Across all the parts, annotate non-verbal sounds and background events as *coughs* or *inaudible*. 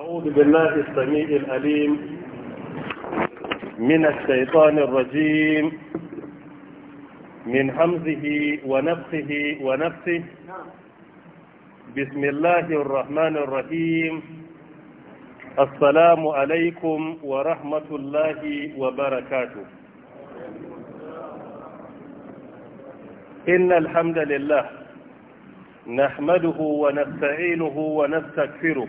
أعوذ بالله السميع الأليم من الشيطان الرجيم من حمزه ونفخه ونفسه بسم الله الرحمن الرحيم السلام عليكم ورحمة الله وبركاته إن الحمد لله نحمده ونستعينه ونستكفره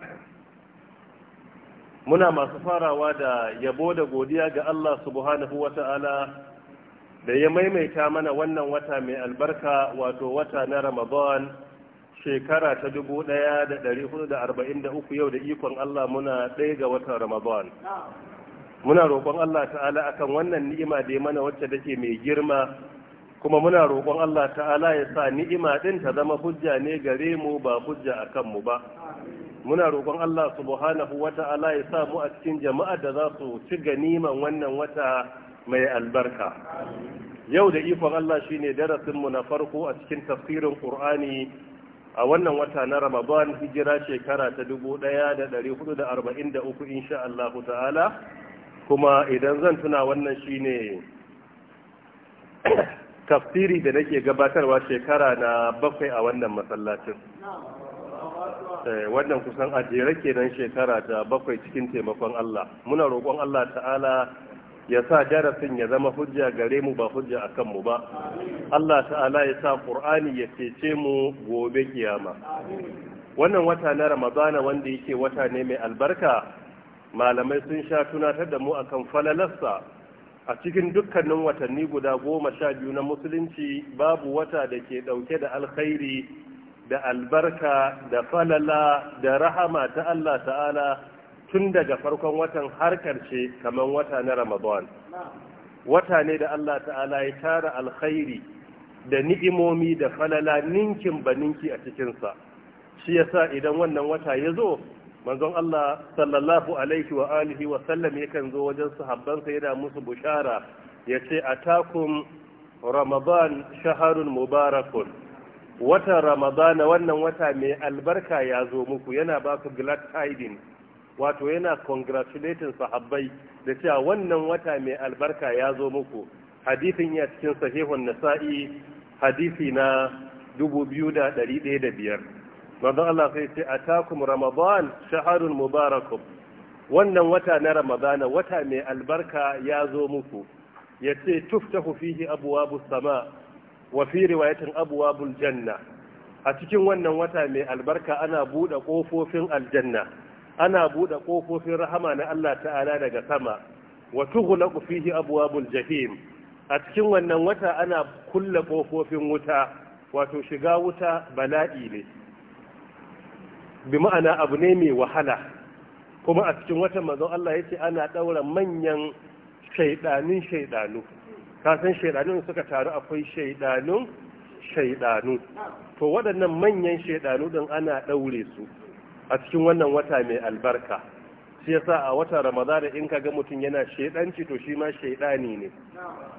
muna masu farawa da yabo da godiya ga Allah subhanahu ta'ala da ya maimaita mana wannan wata mai albarka wato wata na ramadan shekara ta 1443 yau da ikon Allah muna ɗaya ga watan ramadan muna roƙon Allah ta'ala akan wannan ni'ima da ya mana wacce take mai girma kuma muna roƙon Allah ta'ala ya sa ni'ima ɗin ta zama hujja ne gare mu ba hujja akan mu ba muna roƙon Allah subhanahu ta'ala ya sa mu a cikin jama'a da za su ci ganiman wannan wata mai albarka yau da ikon Allah shine darasin mu na farko a cikin tafsirin Qur'ani a wannan wata na Ramadan hijira shekara ta 1443 insha Allah ta'ala kuma idan zan tuna wannan shi ne, *coughs* tafsiri da nake gabatarwa shekara na bakwai a wannan masallacin Eh, wannan kusan a kenan shekara ta bakwai cikin taimakon Allah muna roƙon Allah ta'ala ya sa darasin ya zama hujja gare mu ba hujja a kanmu ba Allah ta'ala ya sa ƙur'ani ya cece mu gobe kiyama wannan wata na Ramadana wanda yake wata ne mai albarka malamai sun sha tunatar da mu akan falalarsa a cikin dukkanin watanni guda goma sha biyu na musulunci babu wata da ke ɗauke da alkhairi da albarka da falala da rahama ta Allah ta'ala tun daga farkon watan har karshe kamar wata na Ramadan wata ne da Allah ta'ala ya tara alkhairi da ni'imomi da falala ninkin baninki a cikinsa shi yasa idan wannan wata ya zo manzon Allah sallallahu alaihi wa alihi wa sallam yakan zo wajen sahabbansa yana musu bushara yace atakum ramadan shaharun mubarakun watan ramadana wannan wata mai albarka ya zo muku yana ba ku glad tidings wato yana congratulating sahabbai da cewa wannan wata mai albarka ya zo muku hadithin ya cikin sahihun nasa'i hadisi na 2105 manzon Allah sai ce atakum ramadan shaharun mubarakum wannan wata na ramadana wata mai albarka ya zo muku yace tuftahu fihi abwabus sama' wa fi riwayatin abwabul janna a cikin wannan wata mai albarka ana buɗe kofofin aljanna ana buɗe kofofin rahama na Allah ta'ala daga sama wa tughlaqu fihi abwabul jahim a cikin wannan wata ana kulle ƙofofin wuta wato shiga wuta bala'i ne bi ma'ana abu ne mai wahala kuma a cikin watan manzo Allah yace ana ɗaura manyan shaydanin shaidanu kasan shaidanun suka taru akwai shaidanun shaidanu to waɗannan manyan shaidanu ɗin ana ɗaure su a cikin wannan wata mai albarka shi yasa a wata ramadana in ka ga mutum yana shaidanci to shi ma shaidani ne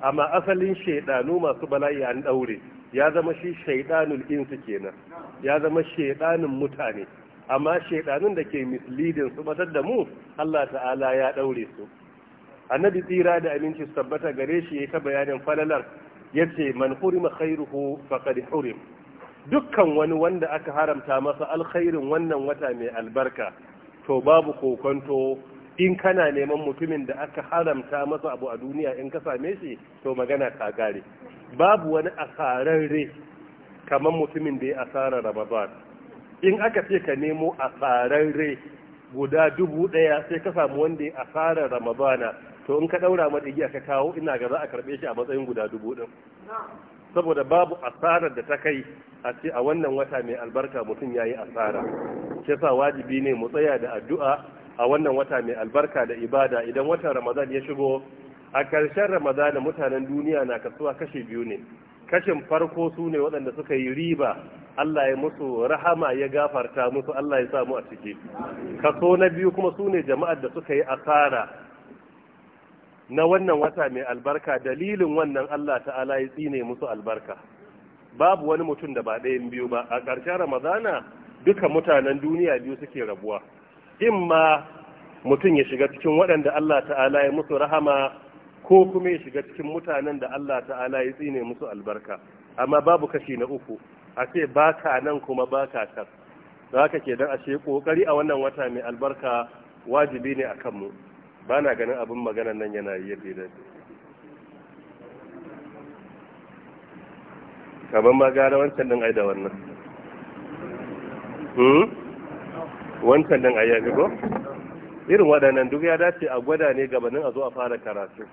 amma asalin shaidanu masu bala'i an ɗaure ya zama shi shaidanul insu kenan ya zama shaidanin mutane amma shaidanun da ke misleading su batar da mu Allah ta'ala ya ɗaure su annabi tsira da aminci tabbata gare shi ya ta bayanin falalar ya ce man hurima khairuhu faqad hurim dukkan wani wanda aka haramta masa alkhairin wannan wata mai albarka to babu kokonto in kana neman mutumin da aka haramta masa abu a duniya in ka same shi to magana ta gare babu wani asararre kamar mutumin da ya asara ramadan in aka ce ka nemo asararre guda dubu ɗaya sai ka samu wanda ya asarar ramadana to in ka ɗaura mata igiya ka kawo ina ga za a karɓe shi a matsayin guda dubu ɗin saboda babu asarar da ta kai a ce a wannan wata mai albarka mutum ya yi asara shi sa wajibi ne mu tsaya da addu'a a wannan wata mai albarka da ibada idan watan ramadan ya shigo a ƙarshen ramadana mutanen duniya na kasuwa kashe biyu ne kashin farko su ne waɗanda suka yi riba Allah ya musu rahama ya gafarta musu Allah ya samu a ciki kaso na biyu kuma su ne jama'ar da suka yi asara na wannan wata mai albarka dalilin wannan Allah ta'ala ya tsine musu albarka babu wani mutum da ba ɗayan biyu ba a ƙarshen ramadana duka mutanen duniya biyu suke rabuwa in ma mutum ya shiga cikin waɗanda Allah ta'ala ya musu rahama ko kuma ya shiga cikin mutanen da Allah ta'ala ya tsine musu albarka amma babu kashi na uku a ce ba ka nan kuma ba ka kan za ka ke don ce kokari a wannan wata mai albarka wajibi ne a kanmu ba na ganin abin maganan nan yana yi yadda da kamar ma gara wancan din aida da wannan hmm? wancan din aida ya fi irin waɗannan duk ya dace a gwada ne gabanin a zo a fara karatu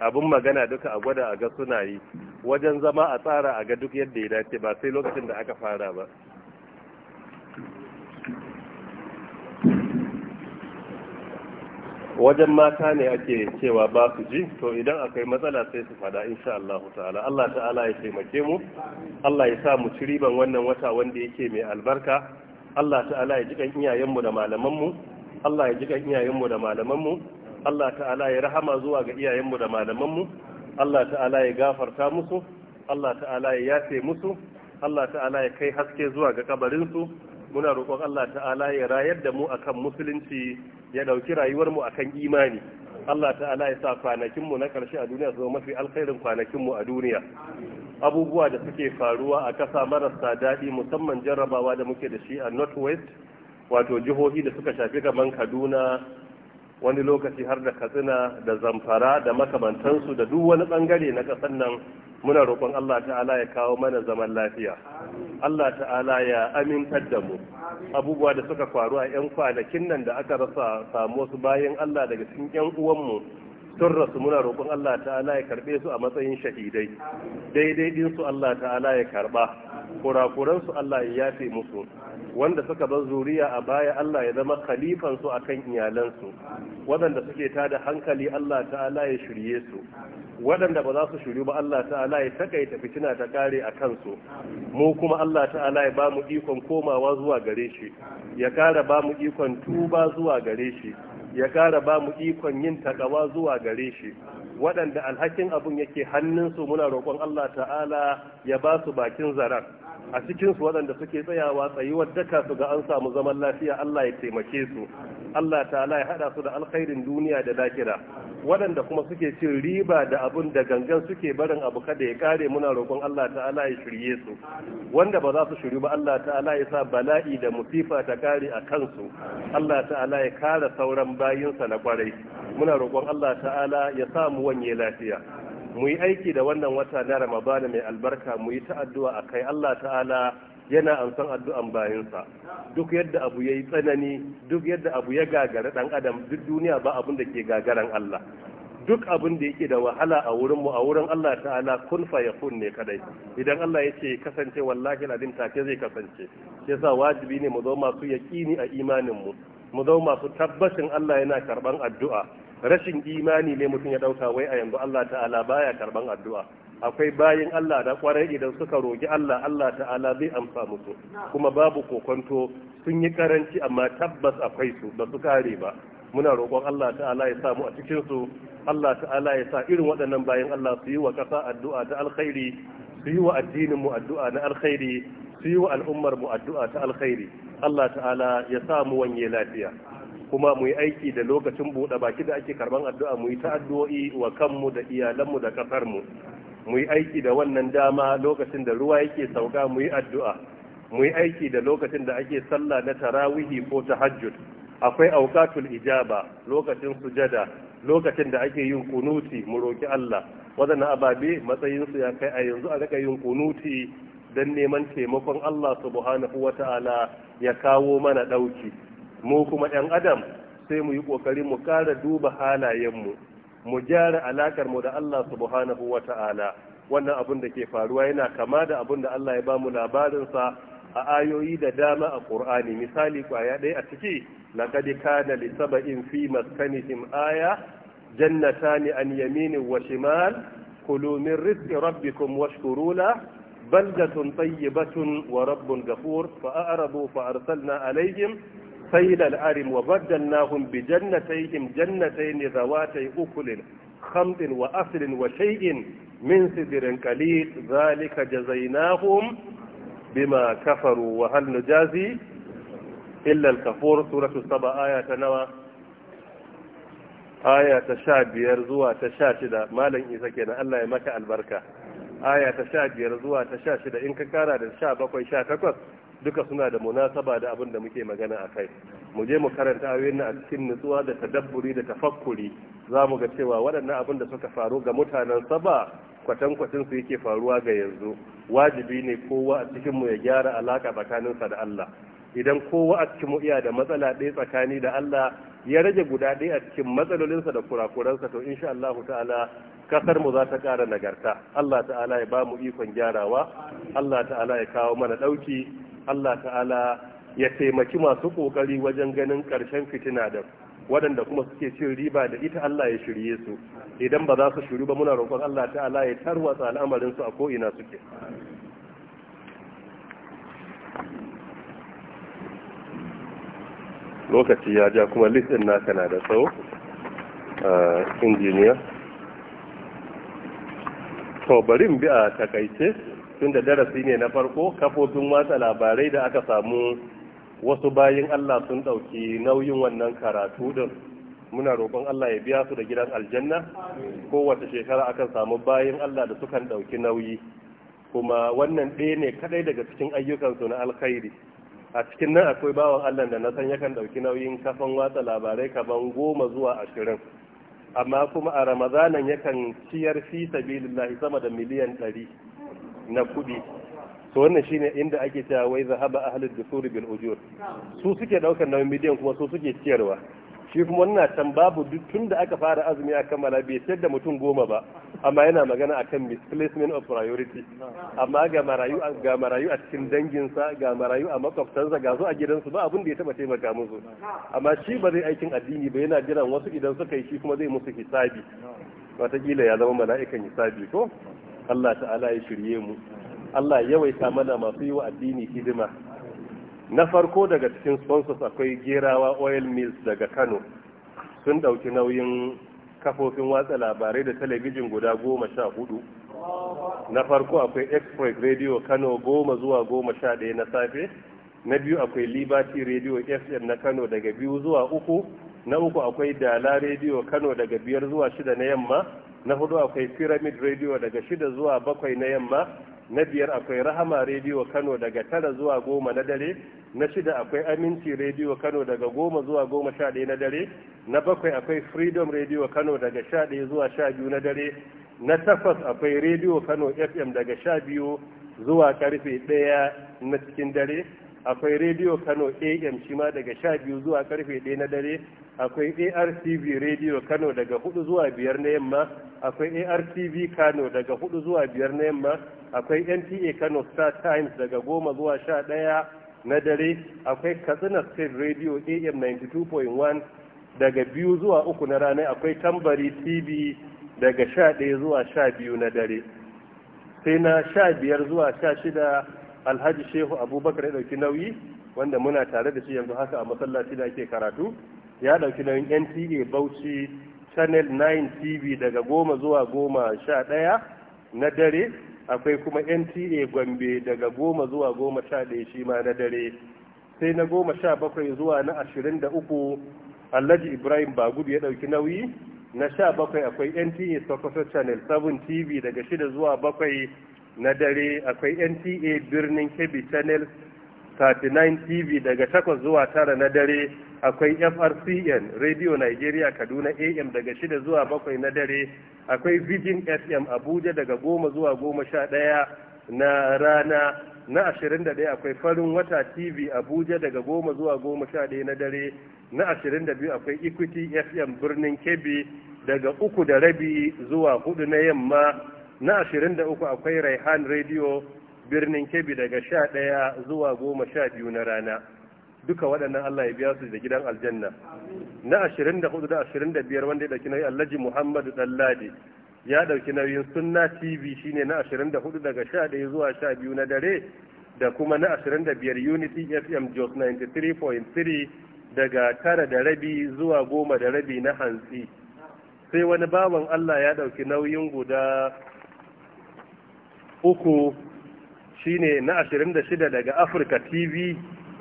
abin magana duka a gwada a ga suna yi wajen zama a tsara a ga duk yadda ya dace ba sai lokacin da aka fara ba wajen mata ne ake cewa ba su ji to idan akwai matsala sai su fada insha Allah ta'ala Allah ta'ala ya taimake mu Allah ya sa mu ci riban wannan wata wanda yake mai albarka Allah ta'ala ya ji kan iyayenmu da malamanmu Allah ya ji kan iyayenmu da malamanmu Allah ta'ala ya rahama zuwa ga iyayenmu da malamanmu Allah ta'ala ya gafarta musu Allah ta'ala ya yafe musu Allah ta'ala ya kai haske zuwa ga kabarinsu muna roƙon Allah ta'ala ya rayar da mu akan musulunci ya ɗauki rayuwarmu akan imani Allah ta'ala ya sa kwanakinmu na ƙarshe a duniya su zama mafi alkhairin kwanakinmu a duniya abubuwa da suke faruwa a ƙasa marasa daɗi musamman jarrabawa da muke da shi a North West, wato jihohi da suka shafi kaman kaduna wani lokaci har da katsina da zamfara da makamantansu da duk wani bangare na ƙasar nan muna roƙon Allah ta'ala ya kawo mana zaman lafiya Allah ta'ala ya amintar da mu abubuwa da suka faru a 'yan kwanakin nan da aka rasa samu wasu bayan Allah daga cikin 'yan uwanmu sun rasu muna roƙon Allah ta'ala ya karɓe su a matsayin shahidai daidai din su Allah ta'ala ya karɓa kurakuransu Allah ya yafe musu wanda suka bar zuriya a baya Allah ya zama khalifansu a kan iyalansu waɗanda suke tada hankali Allah ta'ala ya shirye su waɗanda ba za su shiryu ba Allah ta'ala ya takaita fitina ta kare a kansu mu kuma Allah ta'ala ya ba mu ikon komawa zuwa gare shi ya kara ba mu ikon tuba zuwa gare shi ya kara ba mu ikon yin takawa zuwa gare shi waɗanda alhakin abun yake hannunsu muna roƙon Allah ta'ala ya ba su bakin zarar a cikinsu waɗanda suke tsayawa tsayuwar wadda su ga an samu zaman lafiya Allah ya taimake su Allah ta'ala ya haɗa su da alkhairin duniya da lakira waɗanda kuma suke cin riba da abun da gangan suke barin abu kada ya kare muna roƙon Allah ta'ala ya shirye su wanda ba za su shiru ba Allah ta'ala ya sa bala'i da musifa ta kare a kansu Allah ta'ala ya kare sauran bayinsa na kwarai muna roƙon Allah ta'ala ya samu wanye lafiya mu yi aiki da wannan wata na ramadana mai albarka mu yi ta addu'a kai, Allah ta'ala yana amsan addu'an bayansa duk yadda abu ya yi tsanani duk yadda abu ya gagara ɗan adam duk duniya ba abin da ke gagaran Allah duk abin da yake da wahala a wurinmu a wurin Allah ta'ala kun fa yakun ne kadai idan Allah yace kasance wallahi ladin take zai kasance shi yasa wajibi ne mu zo masu yaqini a imanin mu mu zo masu tabbacin Allah yana karban addu'a rashin imani ne mutum ya ɗauka wai a yanzu Allah ta'ala baya karban addu'a akwai bayin Allah da kwarai idan suka rogi Allah Allah ta'ala zai amsa musu kuma babu kokonto sun yi karanci amma tabbas akwai su ba su kare ba muna roƙon Allah ta'ala ya sa mu a cikin su Allah ta'ala ya sa irin waɗannan bayan Allah su yi wa ƙasa addu'a ta alkhairi su yi wa addinin mu addu'a na alkhairi su yi wa al'ummar mu addu'a ta alkhairi Allah ta'ala ya sa mu wanye lafiya kuma mu yi aiki da lokacin buɗe baki da ake karban addu'a mu yi ta addu'o'i wa kanmu da iyalanmu da ƙasarmu mu yi aiki da wannan dama lokacin da ruwa yake sauka mu yi addu'a mu yi aiki da lokacin da ake sallah na tarawihi ko tahajjud akwai aukatul ijaba lokacin sujada lokacin da ake yin kunuti mu roki Allah wadannan ababe matsayin su ya kai a yanzu a rika yin kunuti dan neman taimakon Allah subhanahu wata'ala ya kawo mana dauki mu kuma ɗan adam sai mu yi ƙoƙari mu ƙara duba halayenmu mu gyara alaƙar mu da Allah subhanahu wa ta'ala wannan abin da ke faruwa yana kama da abin da Allah ya bamu labarinsa a ayoyi da dama a Qur'ani misali kwaya ɗaya a ciki laqad kana li sab'in fi maskanihim aya jannatani an yamini wa shimal kulu min rizqi rabbikum washkuru la بلدة طيبة ورب غفور فأعرضوا فأرسلنا عليهم سيل الأرم وبدلناهم بجنتيهم جنتين ذواتي أكل خمط وأصل وشيء من سدر قليل ذلك جزيناهم بما كفروا وهل نجازي إلا الكفور سورة السبع آية نوى آية تشاب يرزوها تشاشدة ما لن يسكن ألا يمك البركة آية تشاب يرزوها تشاشدة إنك كان للشعب أقوي شاككوث duka suna da munasaba da abin da muke magana a kai mu je mu karanta ayoyin a cikin nutsuwa da tadabburi da tafakkuri za mu ga cewa waɗannan abin da suka faru ga mutanen saba kwatankwacin su yake faruwa ga yanzu wajibi ne kowa a cikin mu ya gyara alaka sa da Allah idan kowa a cikin mu iya da matsala ɗaya tsakani da Allah ya rage guda ɗaya a cikin matsalolinsa da kurakuransa to insha Allah ta'ala kasar mu za ta ƙara nagarta Allah ta'ala ya ba mu ikon gyarawa Allah ta'ala ya kawo mana ɗauki Allah ta'ala ya taimaki masu kokari wajen ganin ƙarshen fitina da waɗanda kuma suke cin riba da ita Allah ya shirye su idan ba za su shiru ba muna roƙon Allah ta'ala ya tarwatsa al'amarin su a ko'ina ina suke lokaci ya ja kuma listin na na da tsawo ah, injiniya to bari bi a takaice tunda darasi ne na farko kafofin watsa labarai da aka samu wasu bayin Allah sun ɗauki nauyin wannan karatu din muna roƙon Allah ya biya su da gidan aljanna kowace shekara akan samu bayin Allah da sukan ɗauki nauyi kuma wannan ɗaya ne kaɗai daga cikin ayyukansu na alkhairi a cikin nan akwai bawan Allah da na san yakan ɗauki nauyin kafan watsa labarai kaman goma zuwa ashirin amma kuma a ramadanan yakan ciyar fi sabilillahi sama da miliyan ɗari na kuɗi to wannan shine inda ake cewa wai zahaba ahlud dusuri bil ujur su suke daukar nauyin bidiyon kuma su suke ciyarwa shi kuma wannan can babu duk tunda aka fara azumi a kammala bai sayar da mutum goma ba amma yana magana akan misplacement of priority amma ga marayu ga marayu a cikin danginsa ga marayu a makwabtansa ga su a gidansu ba abin da ya taba taimaka musu amma shi ba zai aikin addini ba yana jiran wasu idan suka yi shi kuma zai musu hisabi watakila ya zama mala'ikan hisabi ko Allah ta'ala ya shirye mu Allah yawaita mana masu yi wa addini hidima na farko daga cikin sponsors akwai gerawa oil mills daga Kano sun dauki nauyin kafofin watsa labarai da talabijin guda goma sha hudu na farko akwai express radio kano goma zuwa goma sha ɗaya na safe na biyu akwai liberty radio fm na kano daga biyu zuwa uku na uku akwai dala radio kano daga biyar zuwa shida na yamma na hudu akwai pyramid radio daga shida zuwa bakwai na yamma na biyar akwai rahama radio kano daga tara zuwa goma na dare na shida akwai aminci radio kano daga goma zuwa goma sha daya na dare na bakwai akwai freedom radio kano daga sha ɗaya zuwa sha biyu na dare na takwas akwai radio kano fm daga sha biyu zuwa karfe ɗaya na cikin dare akwai rediyo kano am shi ma daga sha biyu zuwa karfe ɗaya na dare akwai artv rediyo kano daga hudu zuwa biyar na yamma akwai artv kano daga hudu zuwa biyar na yamma akwai nta kano star times daga goma zuwa sha ɗaya na dare akwai katsina state radio am 92.1 daga biyu zuwa uku na rana akwai tambari tv daga sha ɗaya zuwa sha biyu na dare sai na sha biyar zuwa sha shida alhaji shehu abubakar ya ɗauki nauyi wanda muna tare da shi yanzu haka a masallaci da ake karatu ya ɗauki nauyin nta bauchi channel 9 tv daga goma zuwa goma sha ɗaya na dare akwai kuma nta gombe daga goma zuwa goma sha ɗaya shi ma na dare sai na goma sha bakwai zuwa na ashirin da uku alhaji ibrahim bagudu ya ɗauki nauyi na sha bakwai akwai nta sokoto channel 7 tv daga shida zuwa bakwai na dare akwai nta birnin kebbi channel 39 tv daga 8 zuwa 9 na dare akwai frcn radio nigeria kaduna am daga 6 zuwa 7 na dare akwai virgin fm abuja daga 10 zuwa 11 na rana na 21 akwai farin wata tv abuja daga 10 zuwa 11 na dare na 22 akwai equity fm birnin kebbi daga 3 da rabi zuwa 4 na yamma na 23 akwai raihan radio birnin kebbi daga 11 zuwa 12 na rana duka waɗannan Allah ya biya su da gidan aljanna na 24 da 25 wanda ya dauki nauyin Alhaji Muhammadu Dallade ya dauki nauyin Sunna TV shine na 24 daga 11 zuwa 12 na dare da kuma na 25 Unity FM Jos 93.3 daga tara da rabi zuwa goma da rabi na hantsi sai wani bawan Allah ya dauki nauyin guda uku shine na 26 daga Africa TV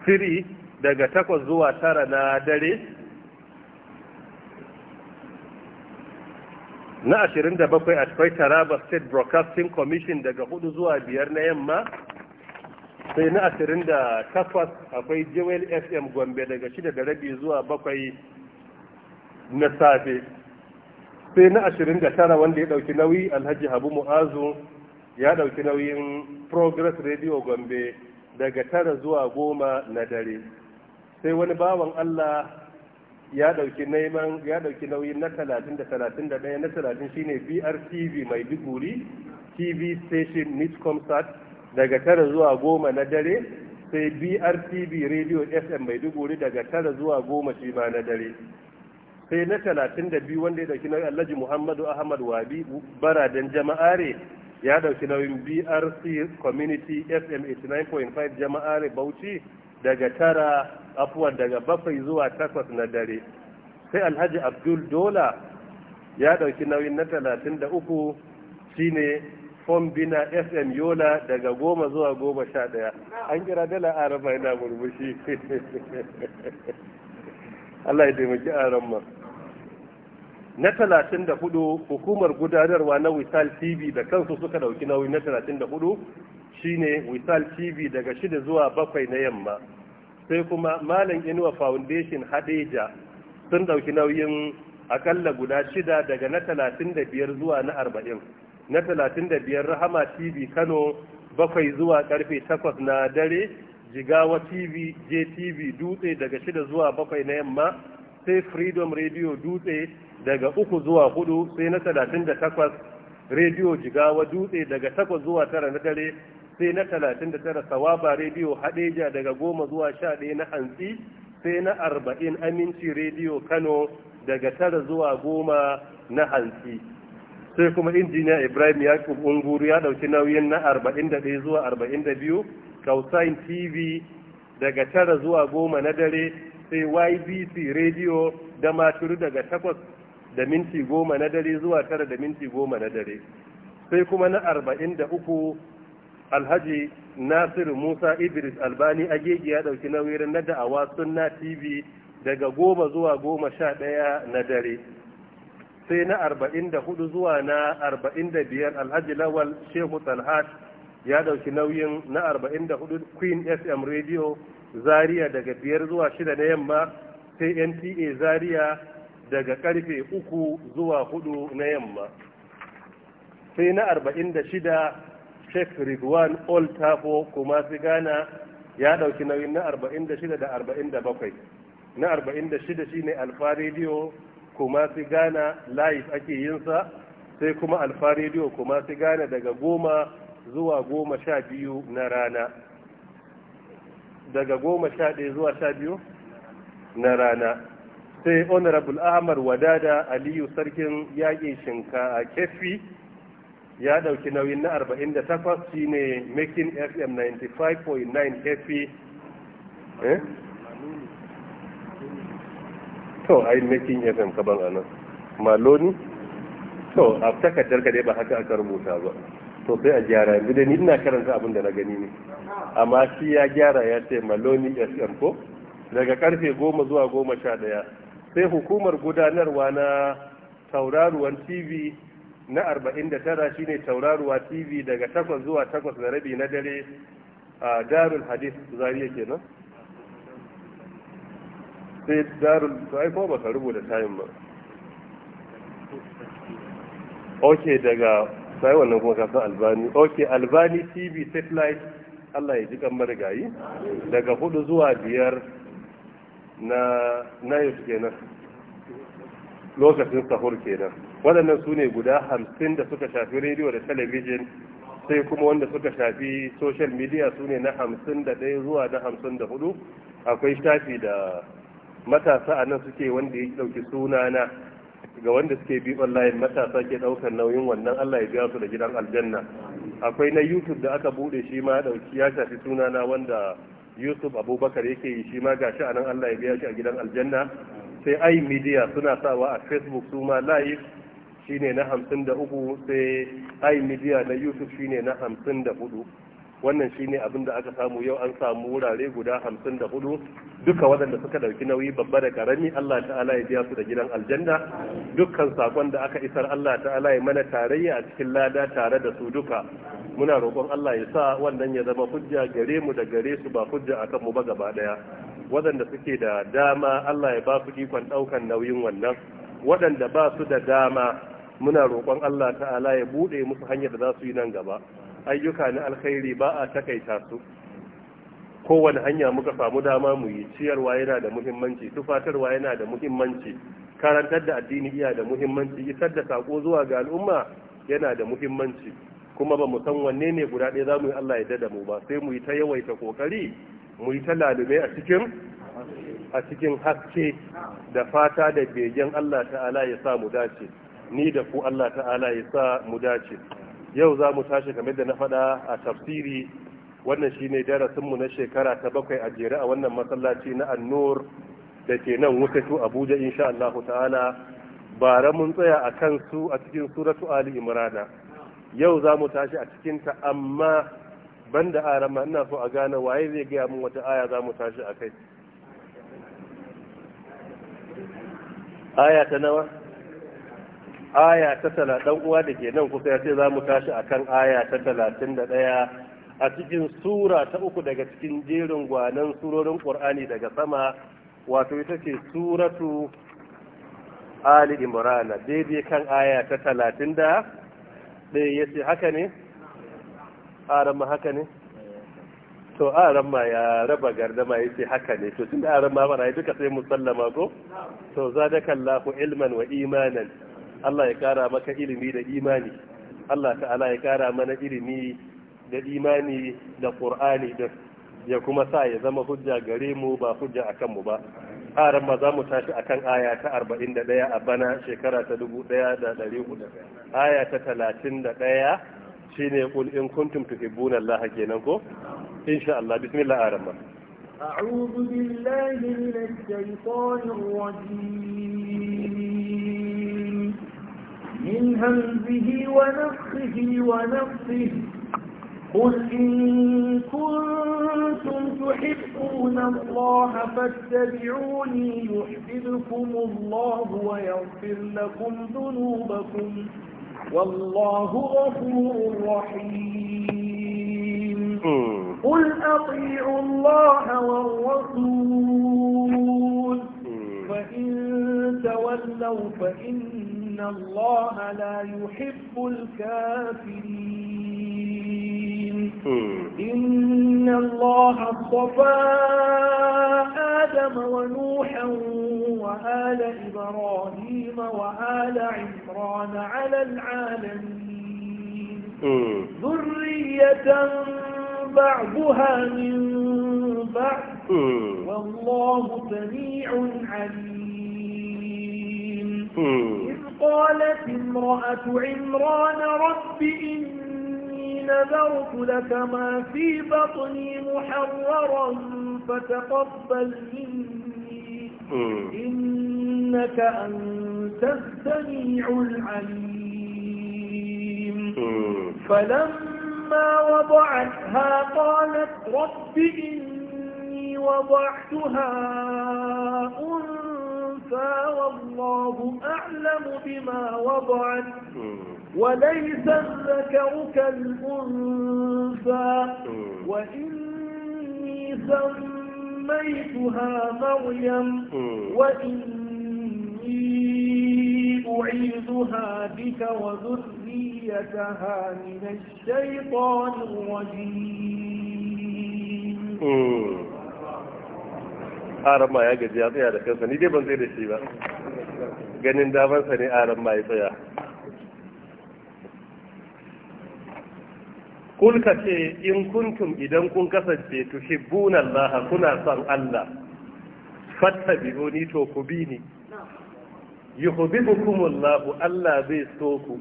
3 daga 8 zuwa 9 na dare na 27 a cikin Taraba State Broadcasting Commission daga 4 zuwa 5 na yamma sai na 28 akwai Jewel FM Gombe daga 6 da rabi zuwa 7 na safe sai na 29 wanda ya dauki nauyi Alhaji Habu Mu'azu ya ɗauki nauyin progress radio gombe daga tara zuwa goma na dare sai wani bawan allah ya ɗauki neman ya ɗauki nauyin na talatin da talatin da ɗaya na talatin shine brtv mai duguri tv station sat daga tara zuwa goma na dare sai brtv radio fm mai duguri daga tara zuwa goma shi ma na dare sai na talatin da biyu wanda ya ɗauki nauyin alhaji muhammadu ahmad wabi baradan jama'are ya dauki nauyin brc community fm 89.5 jama'ar bauchi daga tara afuwan daga bakwai zuwa takwas na dare sai alhaji abdul dola ya dauki nauyin na 33 shine fombina fm yola daga goma zuwa goma sha daya an kira dala arama yana murmushi *laughs* Allah ya taimaki aran na talatin da hudu hukumar gudanarwa na wisal tv da kansu suka dauki nauyi na talatin da hudu shine wisal tv daga shida zuwa bakwai na yamma sai kuma malam inuwa foundation hadeja sun dauki nauyin akalla guda shida daga na talatin da biyar zuwa na arba'in na talatin da biyar rahama tv kano bakwai zuwa karfe takwas na dare jigawa tv jtv dutse daga shida zuwa bakwai na yamma sai freedom radio dutse daga uku zuwa hudu sai na talatin da takwas rediyo jigawa dutse daga takwas zuwa tara na dare sai na talatin da tara sawaba rediyo hadeja daga goma zuwa sha ɗaya na hantsi sai na arba'in aminci rediyo kano daga tara zuwa goma na hantsi sai kuma injiniya ibrahim yakub unguru ya ɗauki nauyin na arba'in da ɗaya zuwa arba'in da biyu kausain tv daga tara zuwa goma na dare sai ybc rediyo da maturu daga takwas da minti goma na dare zuwa tara da minti goma na dare sai kuma na arba'in da uku alhaji nasiru musa idris albani agegi ya ɗauki nauyin na da'awa sunna tv daga goma zuwa goma sha ɗaya na dare sai na arba'in da hudu zuwa na arba'in da biyar alhaji lawal shehu talhat ya ɗauki nauyin na arba'in da hudu queen fm radio zaria daga biyar zuwa shida na yamma sai nta zaria daga karfe uku zuwa hudu na yamma sai na arba'in da shida sheikh ridwan old tafo kuma su gana ya ɗauki nauyin na arba'in da shida da arba'in da bakwai na arba'in da shida shine alfa rediyo kuma su gana live ake yinsa sai kuma alfa kuma su gana daga goma zuwa goma sha biyu na rana daga goma sha ɗaya zuwa sha biyu na rana sai honorable ahmad wadada aliyu sarkin yakin shinka a kefi ya dauki nauyin na 48 shine making fm 95.9 kefi eh to yi making fm kaban anan maloni to a takardar ka dai ba haka aka rubuta ba to sai a gyara yanzu dai ni ina karanta abin da na gani ne amma shi ya gyara ya ce maloni fm ko daga karfe goma zuwa goma sha daya sai hukumar gudanarwa na tauraruwan tv na 49 shine tauraruwa tv daga 8 zuwa 8 da rabi na dare a darul hadith zariya kenan sai darul saifo ba ka rubuta tayin ba ok daga sai wannan kuma san albani ok albani tv satellite allah ya ji kan marigayi daga 4 zuwa 5 na na kenan lokacin sahur kenan waɗannan su ne guda hamsin da suka shafi rediyo da talabijin sai kuma wanda suka shafi social media su ne na hamsin da ɗaya zuwa na hamsin da hudu akwai shafi da matasa a nan suke wanda ya ɗauki sunana ga wanda suke bi online matasa ke ɗaukar nauyin wannan allah ya biya su da gidan aljanna akwai na youtube da aka buɗe shi ma ya ɗauki ya shafi sunana wanda yusuf abubakar yake yi shi ma gashi a nan allah ya biya shi a gidan aljanna sai ai media suna sawa a facebook su ma live shine na hamsin da uku sai ai media na yusuf shine na hamsin da hudu wannan shine abin da aka samu yau an samu wurare guda hamsin da hudu duka waɗanda suka ɗauki nauyi babba da ƙarami Allah ta'ala ya biya su da gidan aljanna dukkan sakon da aka isar Allah ta'ala ya mana tarayya a cikin lada tare da su duka muna roƙon Allah ya sa wannan ya zama hujja gare mu da gare su ba hujja akan mu ba gaba ɗaya waɗanda suke da dama Allah ya ba su ikon ɗaukan nauyin wannan waɗanda ba su da dama muna roƙon Allah ta'ala ya buɗe musu hanyar da za su yi nan gaba ayyuka na alkhairi ba a takaita su kowane hanya muka samu dama mu yi ciyarwa yana da muhimmanci tufatarwa yana da muhimmanci karantar da addini iya da muhimmanci isar da sako zuwa ga al'umma yana da muhimmanci kuma ba mu san wanne ne guda ɗaya za mu yi Allah ya dada mu ba sai mu yi ta yawaita kokari mu yi ta lalube a cikin a cikin haske da fata da begen Allah ta'ala ya sa mu dace ni da ku Allah ta'ala ya sa mu dace yau za mu tashi game da na faɗa a tafsiri wannan shine darasinmu na shekara ta bakwai a jere a wannan masallaci na annur da ke nan wutatu abuja insha Allah ta'ala bara mun tsaya a kan su a cikin suratu ali imrana yau za mu tashi a cikinta amma banda arama ina so a gane waye zai gaya mun wata aya za mu tashi a kai aya ta nawa aya ta talatin uwa da ke nan kusa ya ce za mu tashi akan aya ta talatin da ɗaya a cikin sura ta uku daga cikin jerin gwanan surorin ƙur'ani daga sama wato ita ce suratu ali imrana daidai kan aya ta talatin da ɗaya ya ce haka ne aramma haka ne to aramma ya raba gardama ya ce haka ne to tun da aramma ba na duka sai musallama ko to zadaka ilman wa imanan Allah ya kara maka ilimi da imani Allah ta'ala ya kara mana ilimi da imani da Qur'ani da ya kuma sa ya zama hujja gare mu ba hujja akan mu ba aran ma za mu tashi akan aya ta 41 a bana shekara ta 1400 aya ta 31 shine qul in kuntum tuhibbuna Allah kenan ko insha Allah bismillah aran ma أعوذ بالله من الشيطان الرجيم من همزه ونفخه ونفسه قل إن كنتم تحبون الله فاتبعوني يحببكم الله ويغفر لكم ذنوبكم والله غفور رحيم قل أطيعوا الله والرسول فإن تولوا فإن الله لا يحب الكافرين hmm. إن الله اصطفى آدم ونوحا وآل إبراهيم وآل عمران على العالمين hmm. ذرية بعضها من بعض والله سميع عليم إذ قالت امرأة عمران رب إني نذرت لك ما في بطني محررا فتقبل مني إنك أنت السميع العليم فلما وضعتها قالت رب إني وضعتها أنثى والله أعلم بما وضعت وليس الذكر كالأنثى وإني سميتها مريم وإني أعيذها بك وذريتها من الشيطان الرجيم aran ma ya gaji ya tsaya da kansa ni dai ban zai da shi ba ganin damansa ne aran ma ya tsaya kul ce in kuntum idan kun kasance tuhibbuna Allah kuna son Allah Fatta ni to ku bi ni yuhibbukum Allah Allah zai so ku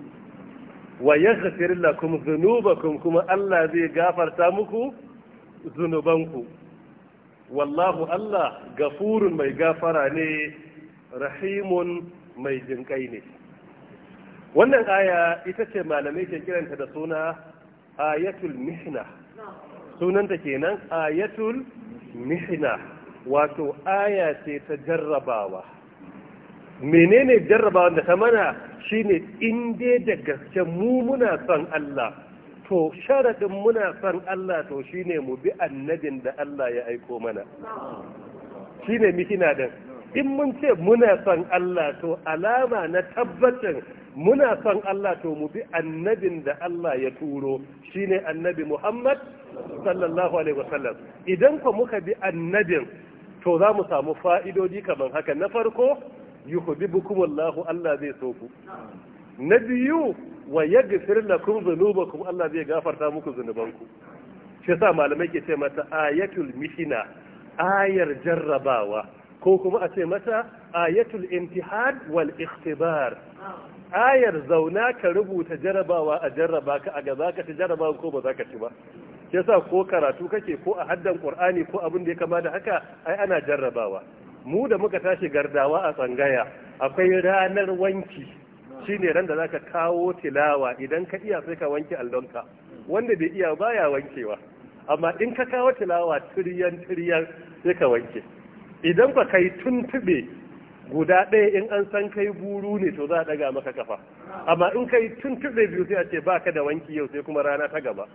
wa yaghfir lakum dhunubakum kuma Allah zai gafarta muku zunubanku wallahu Allah gafurun mai gafara ne rahimun mai jinkai ne wannan aya ita ce malamai ke kiranta da suna ayatul mihna sunanta kenan ayatul mihna wato aya ce ta jarrabawa menene jarrabawa da ta mana shine inde da gaske mu muna son Allah to sharaɗin muna son Allah to shine mu bi annabin da Allah ya aiko mana shine mikina din in mun ce muna son Allah to alama na tabbacin muna son Allah to mu bi annabin da Allah ya turo shine annabi Muhammad sallallahu alaihi wasallam idan ko muka bi annabin to za mu samu fa'idodi kamar haka na farko yuhibbukumullahu Allah zai so ku na biyu wa kun zunuba kuma Allah zai gafarta muku zunubanku shi yasa malamai ke ce mata ayatul mishina ayar jarrabawa ko kuma a ce mata ayatul intihad wal ikhtibar ayar zauna ka rubuta jarrabawa a jarraba ka a gaba zaka ci jarabawa ko ba ka ci ba sa ko karatu kake ko a haddan qur'ani ko abin da ya kama da haka ai ana jarrabawa mu da muka tashi gardawa a tsangaya akwai ranar wanki ne ran da ka kawo tilawa idan ka iya sai ka wanke allonka wanda bai iya baya wankewa amma in ka kawo tilawa tiriyan tiriyan sai ka wanke idan ba kai tuntube guda ɗaya in an san kai buru ne to za a ɗaga maka kafa amma in kai tuntube biyu sai a ce ba ka da wanki yau sai kuma rana ta gaba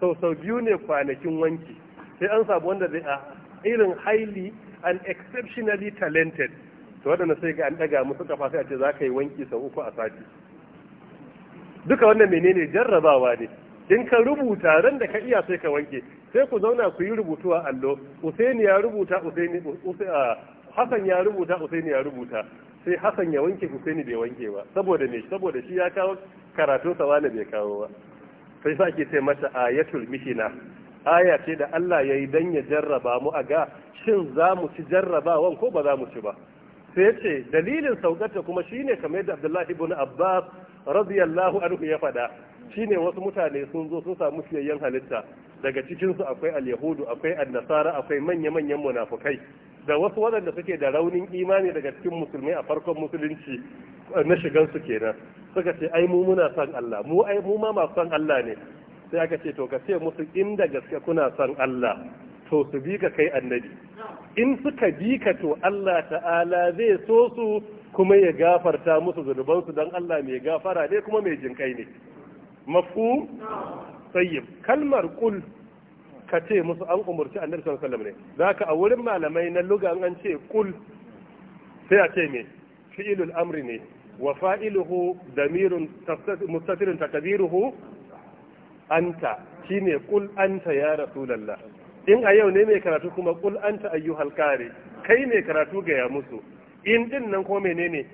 sau sau biyu ne kwanakin wanki sai an samu wanda zai a irin highly and exceptionally talented to waɗanda sai ga an ɗaga musu kafa sai a ce za ka yi wanki sau uku a sati duka wannan menene jarrabawa ne in ka rubuta ran da ka iya sai ka wanke sai ku zauna ku yi rubutu a allo usaini ya rubuta usaini hasan ya rubuta usaini ya rubuta sai hasan ya wanke usaini bai wanke ba saboda me saboda shi ya kawo karatu sawana bai kawo ba sai sa ke ce mata ayatul mishina aya ce da Allah ya yi dan ya jarraba mu a ga shin za mu ci jarrabawan ko ba za mu ci ba sai ce dalilin saukarta kuma shine kamar yadda Abdullahi ibn Abbas radiyallahu anhu ya faɗa shine wasu mutane sun zo sun samu siyayyen halitta daga cikinsu akwai al-yahudu akwai an-nasara akwai manya-manyan munafukai da wasu waɗanda suke da raunin imani daga cikin musulmai a farkon musulunci na shigansu kenan suka ce ai mu muna son Allah mu ai mu ma masu son Allah ne sai aka ce to ka ce musu inda gaske kuna son Allah to su bi ka kai annabi in suka bi ka to Allah ta'ala zai so su kuma ya gafarta musu zunubansu don Allah mai gafara ne kuma mai jinkai ne mafu tsayyib kalmar kul ka ce musu an umarci annabi sallallahu alaihi wasallam ne zaka a wurin malamai na luga an ce kul sai a ce me fi'ilul amri ne wa fa'iluhu damirun mustatirin takdiruhu anta shine kul anta ya rasulullah in a yau ne mai karatu kuma kul anta ayyuhal kare kai mai karatu ga ya musu in din nan ko menene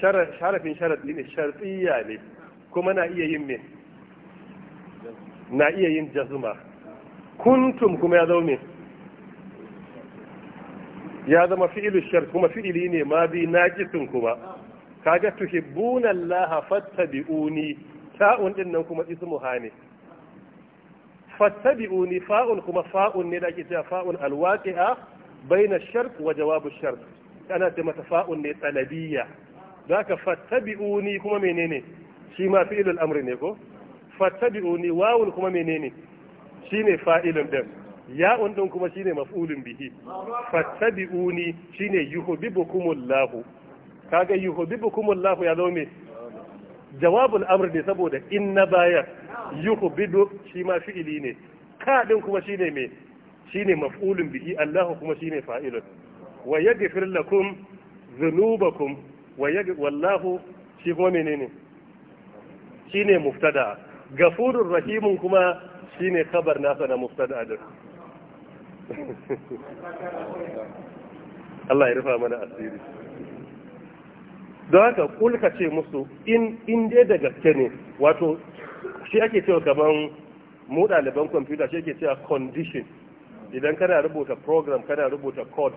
sharafin sharafi ne sharfiya ne kuma na iya yin me na iya yin jazuma kuntum kuma ya zaune. ya zama fi'ilu shar kuma fi'ili ne ma bi naqisun kuma kaga tuhibbuna allaha fattabi'uni ta'un din nan kuma ismu hane fattabi'u ni fa'un kuma fa'un ne da ake cewa fa'un alwaqi'a baina sharq wa jawabu shark ana ce mata fa'un ne talabiyya zaka fattabi'u ni kuma menene shi ma fi'ilul amri ne ko fattabi'u ni wawun kuma menene shine fa'ilun din ya'un din kuma shine maf'ulun bihi fattabi'uni shine yuhibbukumullahu kaga yuhibbukumullahu ya zama me jawabul amr ne saboda in na bayar yuhbidu shi ma fi'ili ne kuma shi ne mai shi ne maf'ulun bihi Allahu kuma shi ne fa'ilun wa yaghfir lakum dhunubakum wa wallahu shi kuma shi ne muftada gafurur rahimun kuma shi ne khabar nasa na muftada din *laughs* Allah ya rufa mana asiri don haka kulka ce musu in dai da gaske ne wato shi ake cewa gaban mu ɗaliban kwamfuta shi ake cewa condition idan kana rubuta program kana rubuta code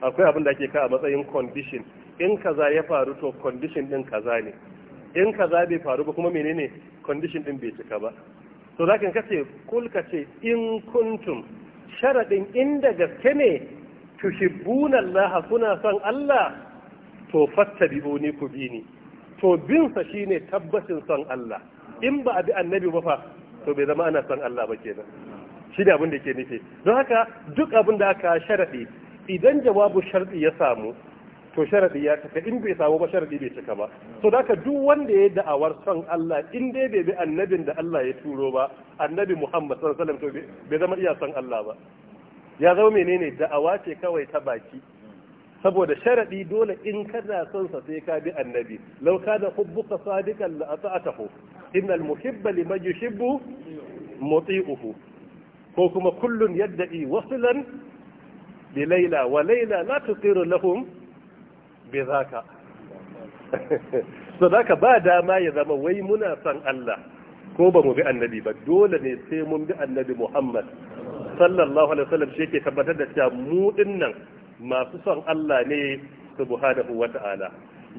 akwai abin da ake ka a matsayin condition in kaza ya faru to condition din kaza ne in kaza bai faru ba kuma menene condition din bai cika ba to za ka kace kulka ce in kuntum sharaɗin inda gaske ne tushibbunan laha kuna son Allah to fatta ni ku bi ni to bin sa ne tabbacin son Allah in ba a bi annabi ba fa to bai zama ana son Allah ba kenan shi ne abin da ke nufi don haka duk abin da aka sharaɗi idan jawabu sharaɗi ya samu to sharaɗi ya cika in bai samu ba sharaɗi bai cika ba to da haka duk wanda ya da'awar son Allah in dai bai bi annabin da Allah ya turo ba annabi Muhammad sallallahu alaihi wasallam to bai zama iya son Allah ba ya zama menene da'awa ce kawai ta baki saboda sharaɗi dole in kana son sa sai ka bi annabi law kana hubbuka sadiqan la ata'atahu innal muhibba liman yuhibbu muti'uhu ko kuma kullun yadda'i wasilan bi layla wa layla la tuqiru lahum bi zaka sadaka *laughs* ba dama ya zama wai muna son Allah ko ba mu bi annabi ba dole ne sai mun bi annabi Muhammad sallallahu alaihi wasallam shi ke tabbatar da cewa mu dinnan masu son Allah ne subhanahu ta'ala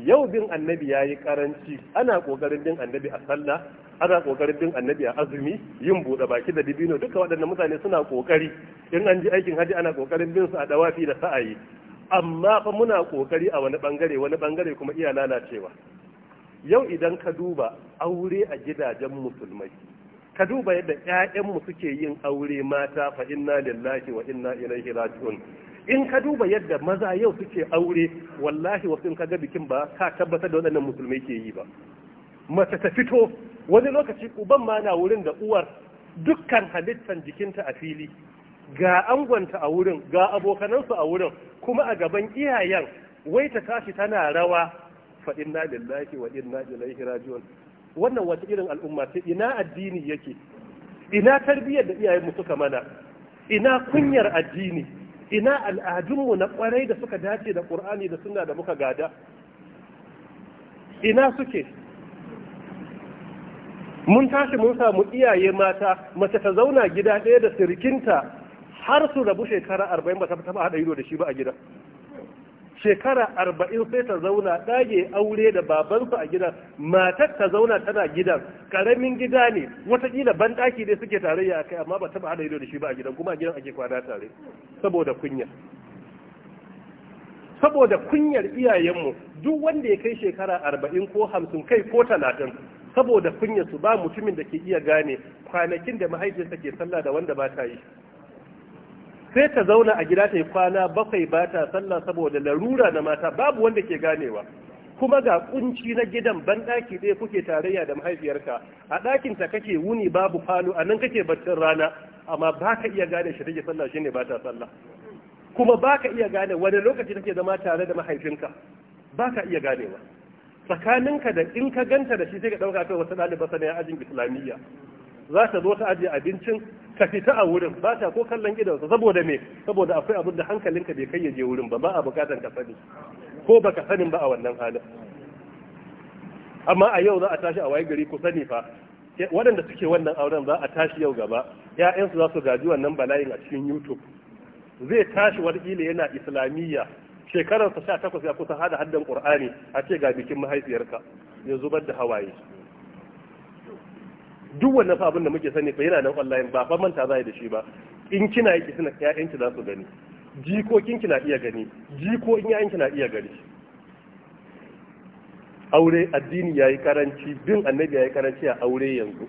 yau bin annabi yayi karanci ana kokarin bin annabi a sallah ana kokarin bin annabi a azumi yin buɗe baki da dibino duka waɗannan mutane suna kokari in an ji aikin haji ana kokarin bin su a dawafi da sa'ayi amma fa muna kokari a wani bangare wani bangare kuma iya lalacewa yau idan ka duba aure a gidajen musulmai ka duba yadda 'ya'yanmu suke yin aure mata fa inna lillahi wa inna ilaihi raji'un in ka duba yadda maza yau suke aure wallahi wasu in ga bikin ba ka tabbatar da waɗannan musulmai ke yi ba mace ta fito wani lokaci uban ma na wurin da uwar dukkan halittar jikinta a fili ga angonta a wurin ga abokanansu a wurin kuma a gaban iyayen wai ta tashi tana rawa fa inna lillahi wa inna ilaihi raji'un wannan wata irin al'umma ce ina addini yake ina tarbiyyar da iyayen mu suka mana ina kunyar addini ina al'adunmu na kwarai da suka dace da ƙur'ani da suna da muka gada ina suke mun tashi mun samu iyaye mata mace ta zauna gida ɗaya da sirkinta har su rabu shekara arba'in ba ta taɓa haɗa ido da shi ba a gida shekara arba'in sai ta zauna ɗage aure da babansu a gidan matar ta zauna tana gidan ƙaramin gida ne watakila banɗaki dai suke tarayya a kai amma ba taɓa hada ido da shi ba a gidan kuma a gidan ake kwana tare saboda kunya saboda kunyar iyayenmu duk wanda ya kai shekara arba'in ko hamsin kai ko talatin saboda kunyar su ba mutumin da ke iya gane kwanakin da mahaifiyarsa ke sallah da wanda ba ta yi sai ta zauna a gida ta yi kwana bakwai ba ta sallah saboda larura na mata babu wanda ke ganewa kuma ga kunci na gidan ban ɗaki ɗaya kuke tarayya da mahaifiyarka a ɗakin ta kake wuni babu falo a nan kake baccin rana amma ba ka iya gane shi take sallah shine ba ta sallah kuma ba ka iya gane wani lokaci take zama tare da mahaifinka ba ka iya ganewa tsakaninka da in ka ganta da shi sai ka ɗauka kai wasu ɗaliban sana'a ajin islamiyya za ta zo ta ajiye abincin ka fita a wurin ba ta ko kallon gidansa saboda me saboda akwai abin da hankalinka bai kai ya je wurin ba ba a bukatar ka sani ko baka sanin ba a wannan halin amma a yau za a tashi a waye gari ku sani fa waɗanda suke wannan auren za a tashi yau gaba ‘ya'yansu za su gaji wannan bala'in a cikin youtube zai tashi wataƙila yana islamiyya shekararsa sha takwas ya kusa hada haddan qur'ani a ce ga bikin mahaifiyarka ya zubar da hawaye duk wannan fa abin da muke sani fa yana nan online ba fa manta zai da shi ba in kina yi kina ƴaƴan ki za su gani jikokin ki na iya gani jikokin ƴaƴan ki na iya gani aure addini yayi karanci bin annabi yayi karanci a aure yanzu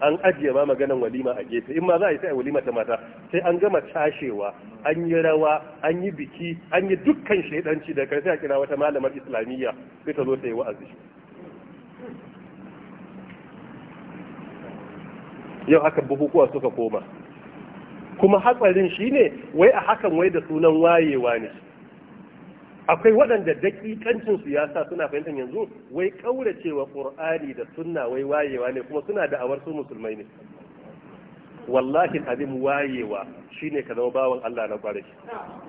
an ajiye ma maganan walima a gefe in ma za a yi sai walima ta mata sai an gama tashewa an yi rawa an yi biki an yi dukkan shaidanci da kai sai a kira wata malamar islamiyya sai ta zo ta yi wa'azi yau haka bukukuwa suka koma kuma hatsarin shine wai a hakan wai da sunan wayewa ne akwai waɗanda dakikancin siyasa suna fahimtar yanzu wai kauracewa qur'ani da sunna wai wayewa ne kuma suna da awar su musulmai ne wallahi abin wayewa shine ka zama bawan Allah na kwarai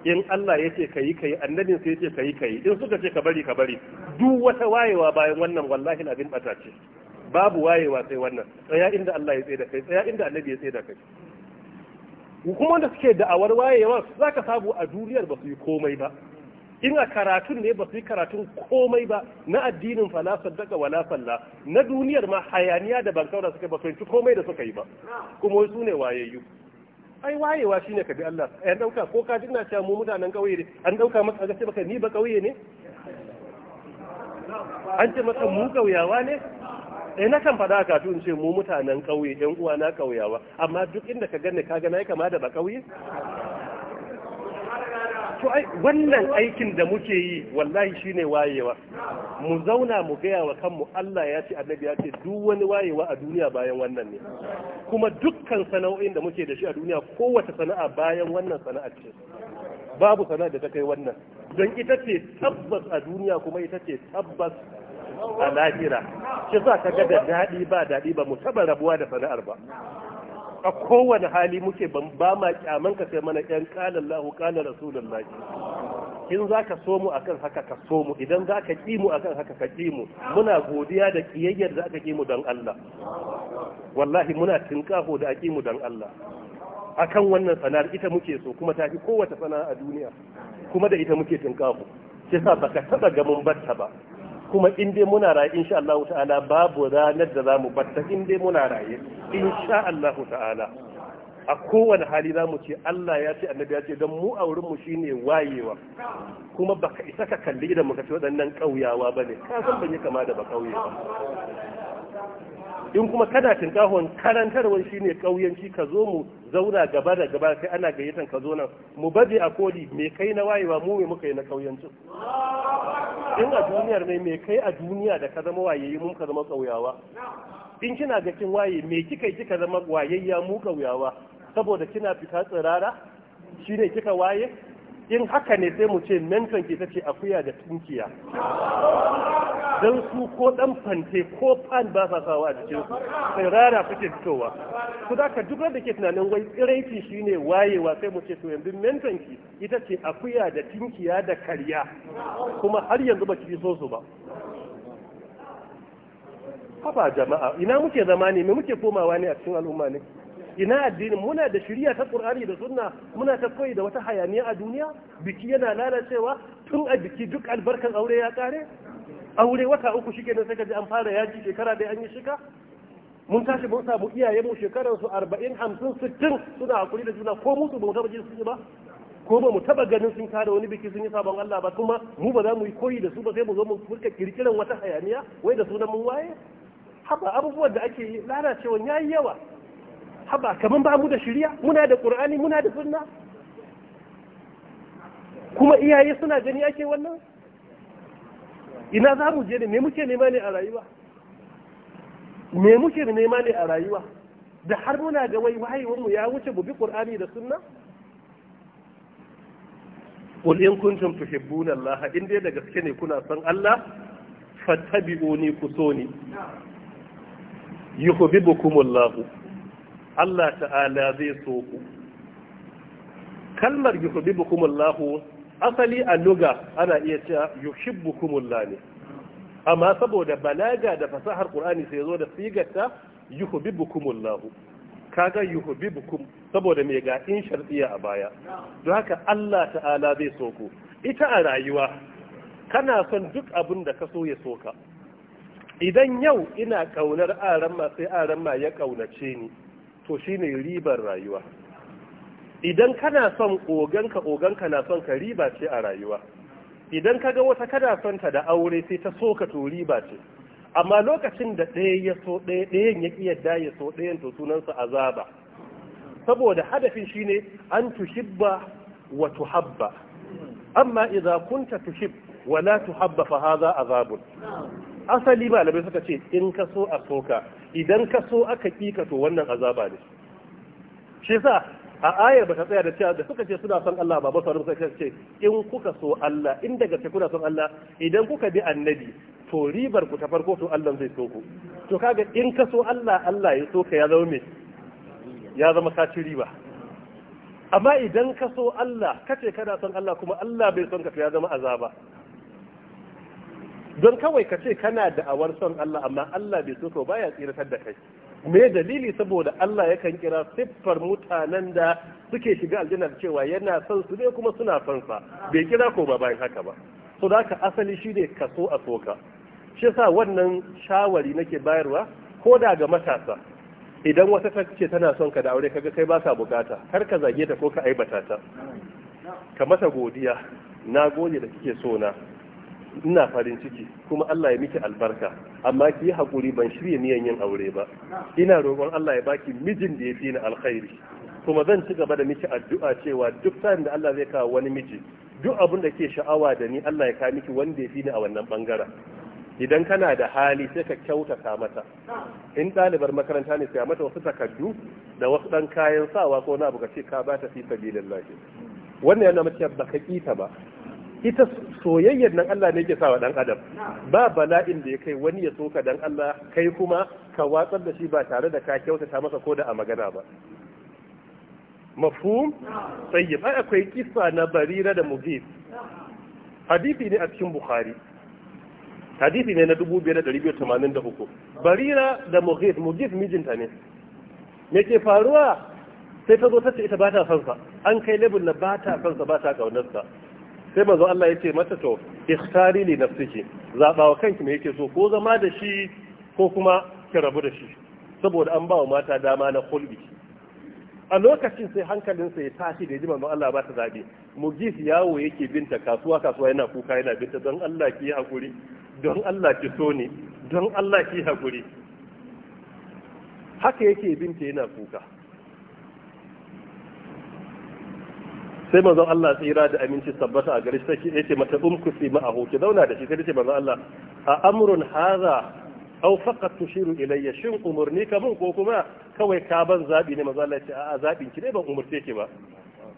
in Allah yace kayi kayi annabin sai yace ka yi in suka ce ka bari ka bari duk wata wayewa bayan wannan wallahi abin bata ce babu wayewa sai wannan tsaya inda Allah ya tsaye da kai tsaya inda annabi ya tsaye da kai kuma wanda suke da'awar wayewa za ka sabu a duniyar ba su yi komai ba in a karatun ne ba su yi karatun komai ba na addinin fa la saddaka wala salla na duniyar ma hayaniya da bankaura suka ba yi komai da suka yi ba kuma su ne wayayyu ai wayewa shine ka bi Allah ai dauka ko ka dinga cewa mu mutanen kauye ne an dauka maka ga sai baka ni ba kauye ne an ce maka mu kauyawa ne eh na kan faɗa ka tun ce mu mutanen kauye ɗan uwa na kauyawa, amma duk inda ka ganni ka ga nayi kama da ba kauye, to ai wannan aikin da muke yi wallahi shine wayewa mu zauna mu gaya wa kanmu Allah ya ce annabi ya ce duk wani wayewa a duniya bayan wannan ne kuma dukkan sana'o'in da muke da shi a duniya kowace sana'a bayan wannan sana'a ce babu sana'a da ta kai wannan don ita ce tabbas a duniya kuma ita ce tabbas a lahira shi za ka ga da daɗi ba daɗi ba mu taɓa rabuwa da sana'ar ba a kowane hali muke ba ma kyaman ka sai mana ƴan ƙalan lahu ƙalan rasulun in za ka so mu akan haka ka so mu idan za ka ƙi mu akan haka ka ƙi mu muna godiya da ƙiyayyar za ka ƙi mu don Allah wallahi muna tinƙaho da a ƙi mu don Allah akan wannan sana'ar ita muke so kuma ta fi kowace sana'a a duniya kuma da ita muke tinƙaho shi sa baka taɓa ga mun batta ba kuma in dai muna raye insha Allah ta'ala babu ranar da zamu batta in muna raye insha Allah ta'ala a kowane hali za mu ce Allah ya ce annabi ya ce don mu a mu shi ne wayewa kuma baka isa ka kalli idan muka ce waɗannan ƙauyawa ba ne ka san ban yi kama da ba ƙauye ba in kuma kana tinkahon karantarwar ne kauyanci ka zo mu zauna gaba da gaba sai ana gayyatan ka zo nan mu baje a koli me kai na wayewa mu me muka yi na kauyancin in a duniyar ne me kai a duniya da ka zama waye mun ka zama kauyawa in kina ga kin waye me kika yi kika zama wayayya mu kauyawa saboda kina fita tsirara shi ne kika waye in haka ne sai mu ce menton ke ta ce akuya da tunkiya don su ko dan fante ko fan ba sa sawa a jikin su sai rara suke fitowa su da ka duk da ke tunanin wai tsiraiti shine wayewa sai mu ce to yanzu menton ki ita ce akuya da tunkiya da karya kuma har yanzu ba ki so su ba haba jama'a ina muke zama ne me muke komawa ne a cikin al'umma ne ina addinin muna da shirya ta ƙur'ani da sunna muna ta koyi da wata hayaniya a duniya biki yana lalacewa tun a biki duk albarkan aure ya kare aure wata uku shike ne sai ka ji an fara yaji shekara dai an yi shika mun tashi mun samu mu shekarar su 40 50 60 suna hakuri da juna ko mutu ba mu taba jin su ba ko ba mu taba ganin sun kare wani biki sun yi sabon Allah ba kuma mu ba za mu yi koyi da su ba sai mu zo mu furka kirkiran wata hayaniya wai da sunan mun waye haba abubuwan da ake yi lalacewa yayi yawa haba kaman ba mu da shirya muna da qur'ani muna da sunna kuma iyaye suna gani ake wannan ina za mu je ne me muke nema ne a rayuwa me muke nema ne a rayuwa da har muna ga wai wayewar mu ya wuce mu bi qur'ani da sunna qul in kuntum tuhibbuna Allah in dai da gaske ne kuna son Allah fattabi'uni kusoni yuhibbukumullahu Allah ta'ala zai so ku kalmar yuhibbukumullahu asali a luga ana iya cewa yuhibbukumullah ne amma saboda balaga da fasahar qur'ani sai zo da sigarta yuhibbukumullah kaga yuhibbukum saboda me ga in shartiya a baya don haka Allah ta'ala zai so ku ita a rayuwa kana son duk abin da ka so ya soka idan yau ina kaunar aran ma sai aran ma ya kaunace ni to shi ne ribar rayuwa idan kana son oganka oganka na son ka riba ce a rayuwa idan ka ga wata kana son ta da aure sai ta so ka to riba ce amma lokacin da ɗaya ya so ɗaya ɗayan ya yadda ya so ɗayan to sunansa azaba saboda hadafin shi ne an tushibba wa tuhabba amma idza kunta tushib wa la tuhabba fa hadha azabun asali malamai suka ce in ka so a soka idan ka so aka kika to wannan azaba ne shi sa a ayar ba ta tsaya da cewa da suka ce suna son Allah ba ba sauran suka ce in kuka so Allah in daga ce kuna son Allah idan kuka bi annabi to ribar ku ta farko to Allah zai so ku to kaga in ka so Allah Allah ya so ka ya zama me ya zama ka ci riba amma idan ka so Allah kace kana son Allah kuma Allah bai son ka to ya zama azaba don kawai ka ce kana da awar son Allah amma Allah bai so ka baya tsiratar da kai me dalili saboda Allah yakan kira siffar mutanen da suke shiga aljanna cewa yana son su ne kuma suna son sa bai kira ko ba bayan haka ba so da haka asali shine ka so a soka shi yasa wannan shawari nake bayarwa ko da ga matasa idan wata ta ce tana son ka da aure kaga kai baka bukata kar ka zage ta ko ka aibata ta ka mata godiya na gode da kike so na ina farin ciki kuma Allah ya miki albarka amma ki hakuri ban shirya niyan yin aure ba ina roƙon Allah ya baki mijin da ya fi ni alkhairi kuma zan ci gaba da miki addu'a cewa duk sa'in da Allah zai kawo wani miji duk abin da ke sha'awa da ni Allah ya kawo miki wanda ya fi ni a wannan bangaren idan kana da hali sai ka kyautata mata in ɗalibar makaranta ne sai mata wasu takardu da wasu ɗan kayan sawa ko na abu ka ce ka ba ta fi sabilillahi wannan yana mace baka kita ba ita soyayyar nan Allah ne yake sawa dan adam ba bala'in da ya kai wani ya soka dan Allah kai kuma ka watsar da shi ba tare da ka kyautata masa ko da a magana ba mafhum tayyib ai akwai kissa na barira da mujib hadisi ne a cikin bukhari hadisi ne na 2283 barira da mujib mugis mijinta ne me ke faruwa sai ta zo ta ce ita ba ta son sa an kai label na ba ta son sa ba ta kaunar sa sai manzo Allah ya ce mata to ikhtari li nafsiki zaba wa kanki me yake so ko zama da shi ko kuma ki rabu da shi saboda an ba wa mata dama na kulbi a lokacin sai hankalinsa ya tashi da ji Allah ba ta zabe mugis yawo yake binta kasuwa kasuwa yana kuka yana binta don Allah ki hakuri don Allah ki so ni don Allah ki hakuri haka yake binta yana kuka sai manzon Allah tsira da aminci tabbata a gari shi sai yace mata umkusi ahu ki zauna da shi sai yace manzon Allah a amrun hadha aw faqat tushiru ilayya shin umurni ka mun ko kuma kawai ka ban zabi ne manzon Allah ya ce a'a zabin ki ne ban umurce ki ba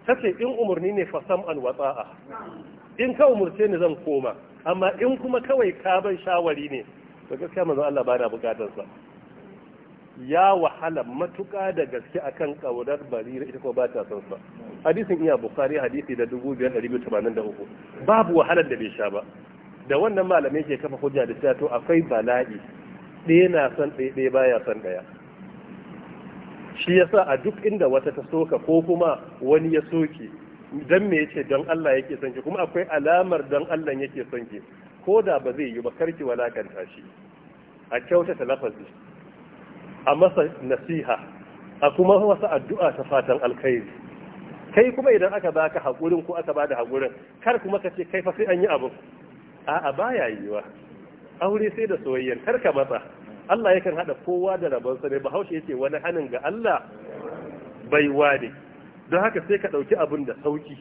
kace in umurni ne fa sam an wata'a in ka umurce ni zan koma amma in kuma kawai ka ban shawari ne to gaskiya manzon Allah ba na bukatar sa ya wahala matuƙa da gaske akan kaurar barira ita ko ba ta son sa hadisin iya bukari hadisi da uku, babu wahalar da bai sha ba da wannan malamai ke kafa hujja da cewa to akwai bala'i ɗaya na son ɗaya ɗaya baya son ɗaya shi yasa a duk inda wata ta soka ko kuma wani ya soke dan me yace don Allah yake son ki kuma akwai alamar don Allah yake son ki ko da ba zai yi ba ki walakanta shi a kyautata lafazi a masa nasiha a kuma wasu addu'a ta fatan alkhairi kai kuma idan aka baka hakurin ko aka bada hakurin kar kuma ka ce kai fa sai an yi abu a'a baya yiwa aure sai da soyayyar kar ka matsa Allah yakan hada kowa da rabonsa ne bahaushe yace wani hanin ga Allah bai wani don haka sai ka ɗauki abun da sauki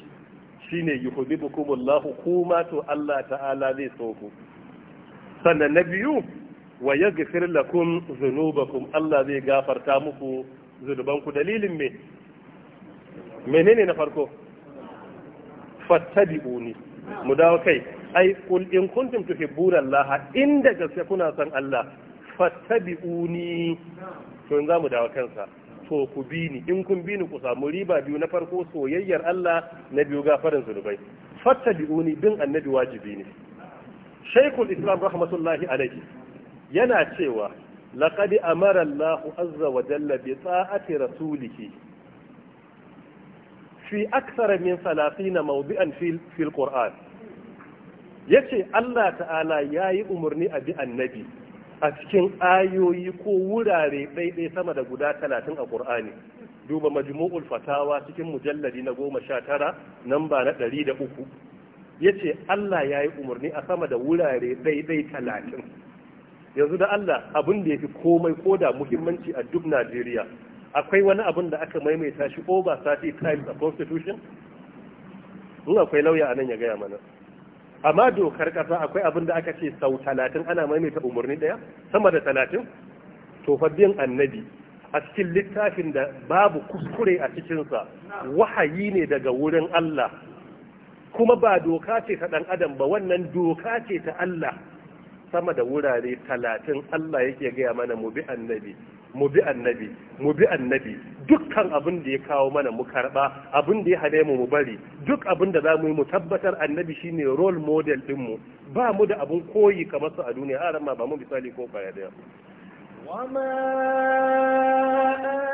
shine yuhibbukumullahu kuma to Allah ta'ala zai so ku sannan na biyu wa yaghfir lakum dhunubakum Allah zai gafarta muku zunubanku dalilin me menene na farko fattabi'uni mu dawo kai ai kul in kuntum tuhibbuna allaha inda gaske kuna son Allah fattabi'uni to in mu dawo kansa to ku bi ni in kun bi ni ku samu riba biyu na farko soyayyar Allah na biyu gafarin zunubai fattabi'uni bin annabi wajibi ne Shaykhul Islam rahmatullahi alaihi yana cewa laqad amara Allah azza wa jalla bi ta'ati rasulihi fi aksara min salasina mawdi'an fil fil qur'an yace Allah ta'ala yayi umarni a bi annabi a cikin ayoyi ko wurare ɗaiɗai sama da guda talatin a ƙur'ani duba majmu'ul fatawa cikin mujalladi na goma sha tara ba na ɗari da uku ya ce Allah ya yi umarni a sama da wurare ɗaiɗai talatin yanzu da Allah abin da ya fi komai ko da muhimmanci a duk Najeriya akwai wani abin da aka maimaita shi over 30 times a constitution in akwai lauya a nan ya gaya mana amma dokar kasa akwai abin da aka ce sau talatin ana maimaita umarni daya sama da talatin to annabi a cikin littafin da babu kuskure a cikinsa wahayi ne daga wurin Allah kuma ba doka ce ta ɗan adam ba wannan doka ce ta Allah sama da wurare talatin Allah yake gaya mana mu bi annabi mu bi annabi mu bi annabi dukkan abin da ya kawo mana mu karba abin da ya hade mu mu bari duk abin da zamu yi mu tabbatar annabi shine role model din mu ba mu da abin koyi kamar su a duniya a ma ba mu misali ko baya daya وما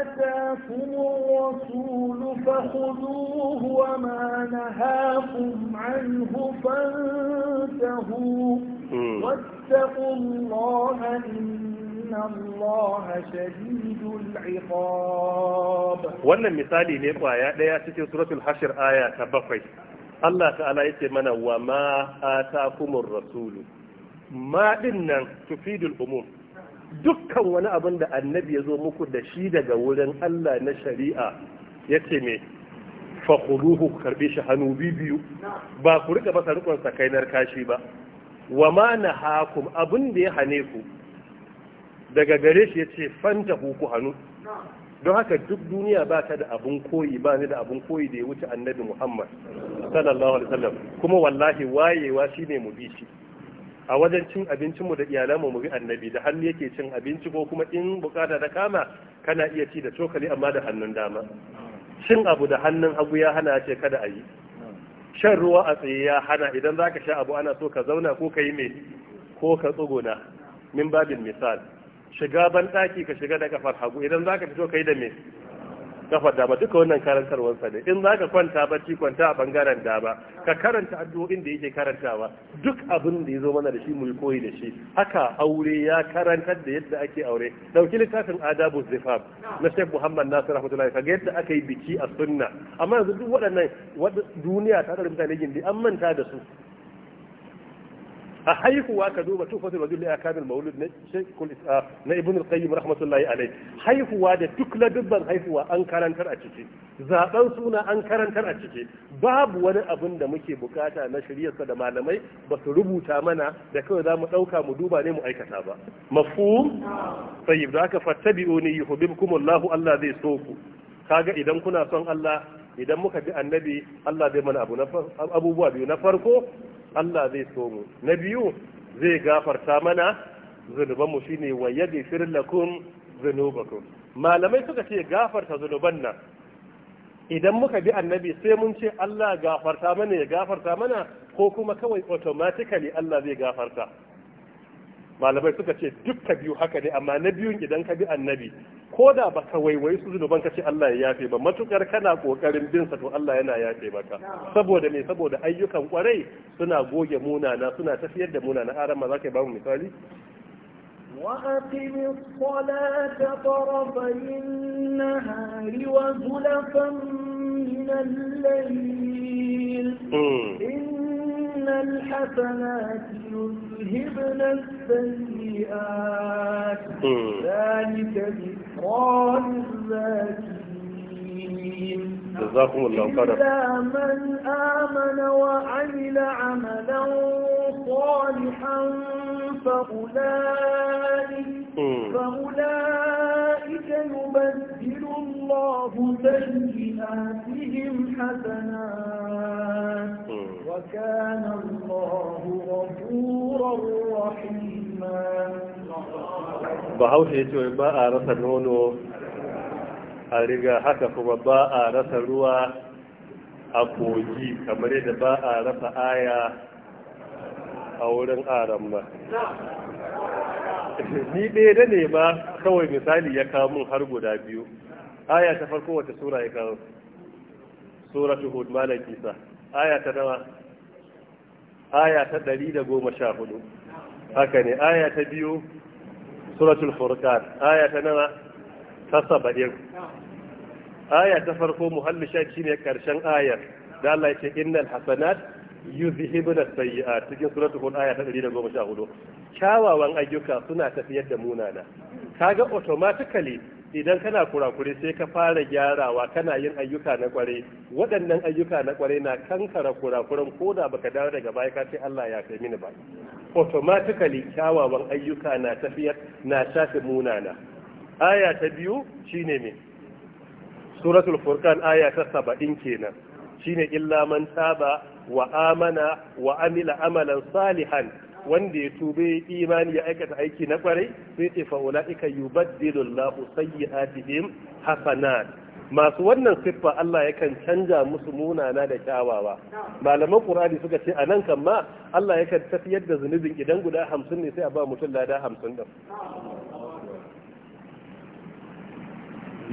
آتاكم الرسول فخذوه وما نهاكم عنه فانتهوا واتقوا الله إن wannan misali ne kwaya daya cikin suratul hashir aya ta bakwai Allah ta'ala yace mana wa ma atakumur rasulu ma nan tufidul umum dukkan wani abin da annabi ya zo muku da shi daga wurin Allah na shari'a ce me fa ku karbe shi hannu biyu ba ku rika masa rikon sakainar kashi ba wa ma nahakum abin da ya hane ku daga gare shi ya ce fanta ku hannu don haka duk duniya ba ta da abun koyi ba ni da abun koyi da ya wuce annabi muhammad sallallahu alaihi wasallam kuma wallahi wayewa shi ne mu bi shi a wajen cin abincinmu mu da iyalanmu mu bi annabi da hannu yake cin abinci ko kuma in bukata ta kama kana iya ci da cokali amma da hannun dama cin abu da hannun hagu ya hana ce kada a yi shan ruwa a tsaye ya hana idan zaka sha abu ana so ka zauna ko ka yi mai ko ka tsuguna min babin misal shiga ban ɗaki ka shiga da kafar hagu idan za ka fito kai da me kafar dama duka wannan karantarwarsa ne in za ka kwanta bacci kwanta a bangaren dama ka karanta addu'o'in da yake karantawa duk abin da ya zo mana da shi mu yi koyi da shi haka aure ya karantar da yadda ake aure dauki littafin adabu zifab na shek muhammad nasir rahmatullahi kaga yadda aka yi biki a sunna amma yanzu duk waɗannan duniya ta da mutane gindi an manta da su a haihuwa ka duba tufatul wajul ya kamil maulud na shekul ah, na ibn al-qayyim rahmatullahi alai haihuwa da duk ladubban haihuwa an karantar a ciki zaben suna an karantar a ciki babu wani abin da muke bukata na shiryarsa da malamai ba su rubuta mana da kawai za mu ɗauka mu duba ne mu aikata ba mafhum tayyib da aka fattabi'uni yuhibbukumullahu Allah zai so ku kaga idan kuna son Allah idan muka bi annabi Allah zai mana abu abubuwa biyu na farko Allah zai so mu na biyu zai gafarta mana zunubanmu shine wa yaghfir lakum zunubakum malamai suka ce gafarta zunuban nan idan muka bi annabi sai mun ce Allah gafarta mana ya gafarta mana ko kuma kawai automatically Allah zai gafarta malamai suka ce dukka biyu haka ne amma na biyun idan ka bi annabi ko da ba ka waiwai su zunuban ka ce Allah ya yafe ba matukar kana kokarin bin sa to Allah yana yafe maka saboda me saboda ayyukan kwarai suna goge munana suna tafiyar da munana aran ma zaka ba mu misali وأقم الصلاة طرفي النهار وزلفا من الليل إن الحسنات يذهبن السيئات ذلك ذكرى للذاكرين جزاكم الله خيرا إلا من آمن وعمل عملا صالحا فأولئك فأولئك يبدل الله سيئاتهم حسنات وكان الله غفورا رحيما bahaushe ya ce ba a rasa nono a riga haka kuma ba a rasa ruwa a kogi kamar yadda ba a rasa aya a wurin aran ba ni ɗaya da ne ba kawai misali ya kamun har guda biyu aya ta farko wata sura ya kawo suratu hud malam Kisa. aya ta nawa aya ta ɗari da goma sha hudu haka ne aya ta biyu suratul furqan aya ta nawa ta saba'in aya ta farko muhalli sha shine karshen ayar da Allah ya ce innal hasanat yuzhibuna sayyi'at cikin suratul hud aya ta ɗari da goma sha 114 kyawawan ayyuka suna tafiyar da munana kaga automatically idan kana kurakure sai ka fara gyarawa kana yin ayyuka na kware waɗannan ayyuka na kware na kankara kurakuran ko da baka dawo daga baya ka ce Allah ya kai mini ba automatically kyawawan ayyuka na tafiyar na munana aya ta biyu shine me suratul furqan aya ta saba'in kenan shine illa man taba wa amana wa amila amalan salihan wanda ya tube imani ya aikata aiki na kwarai sai ce fa ulaika yubaddilu Allahu sayyi'atihim hasanat masu wannan siffa Allah yakan canja musu munana da kyawawa malaman Qur'ani suka ce anan kan ma Allah yakan tafiyar da zunubin idan guda hamsin ne sai a ba mutum lada hamsin din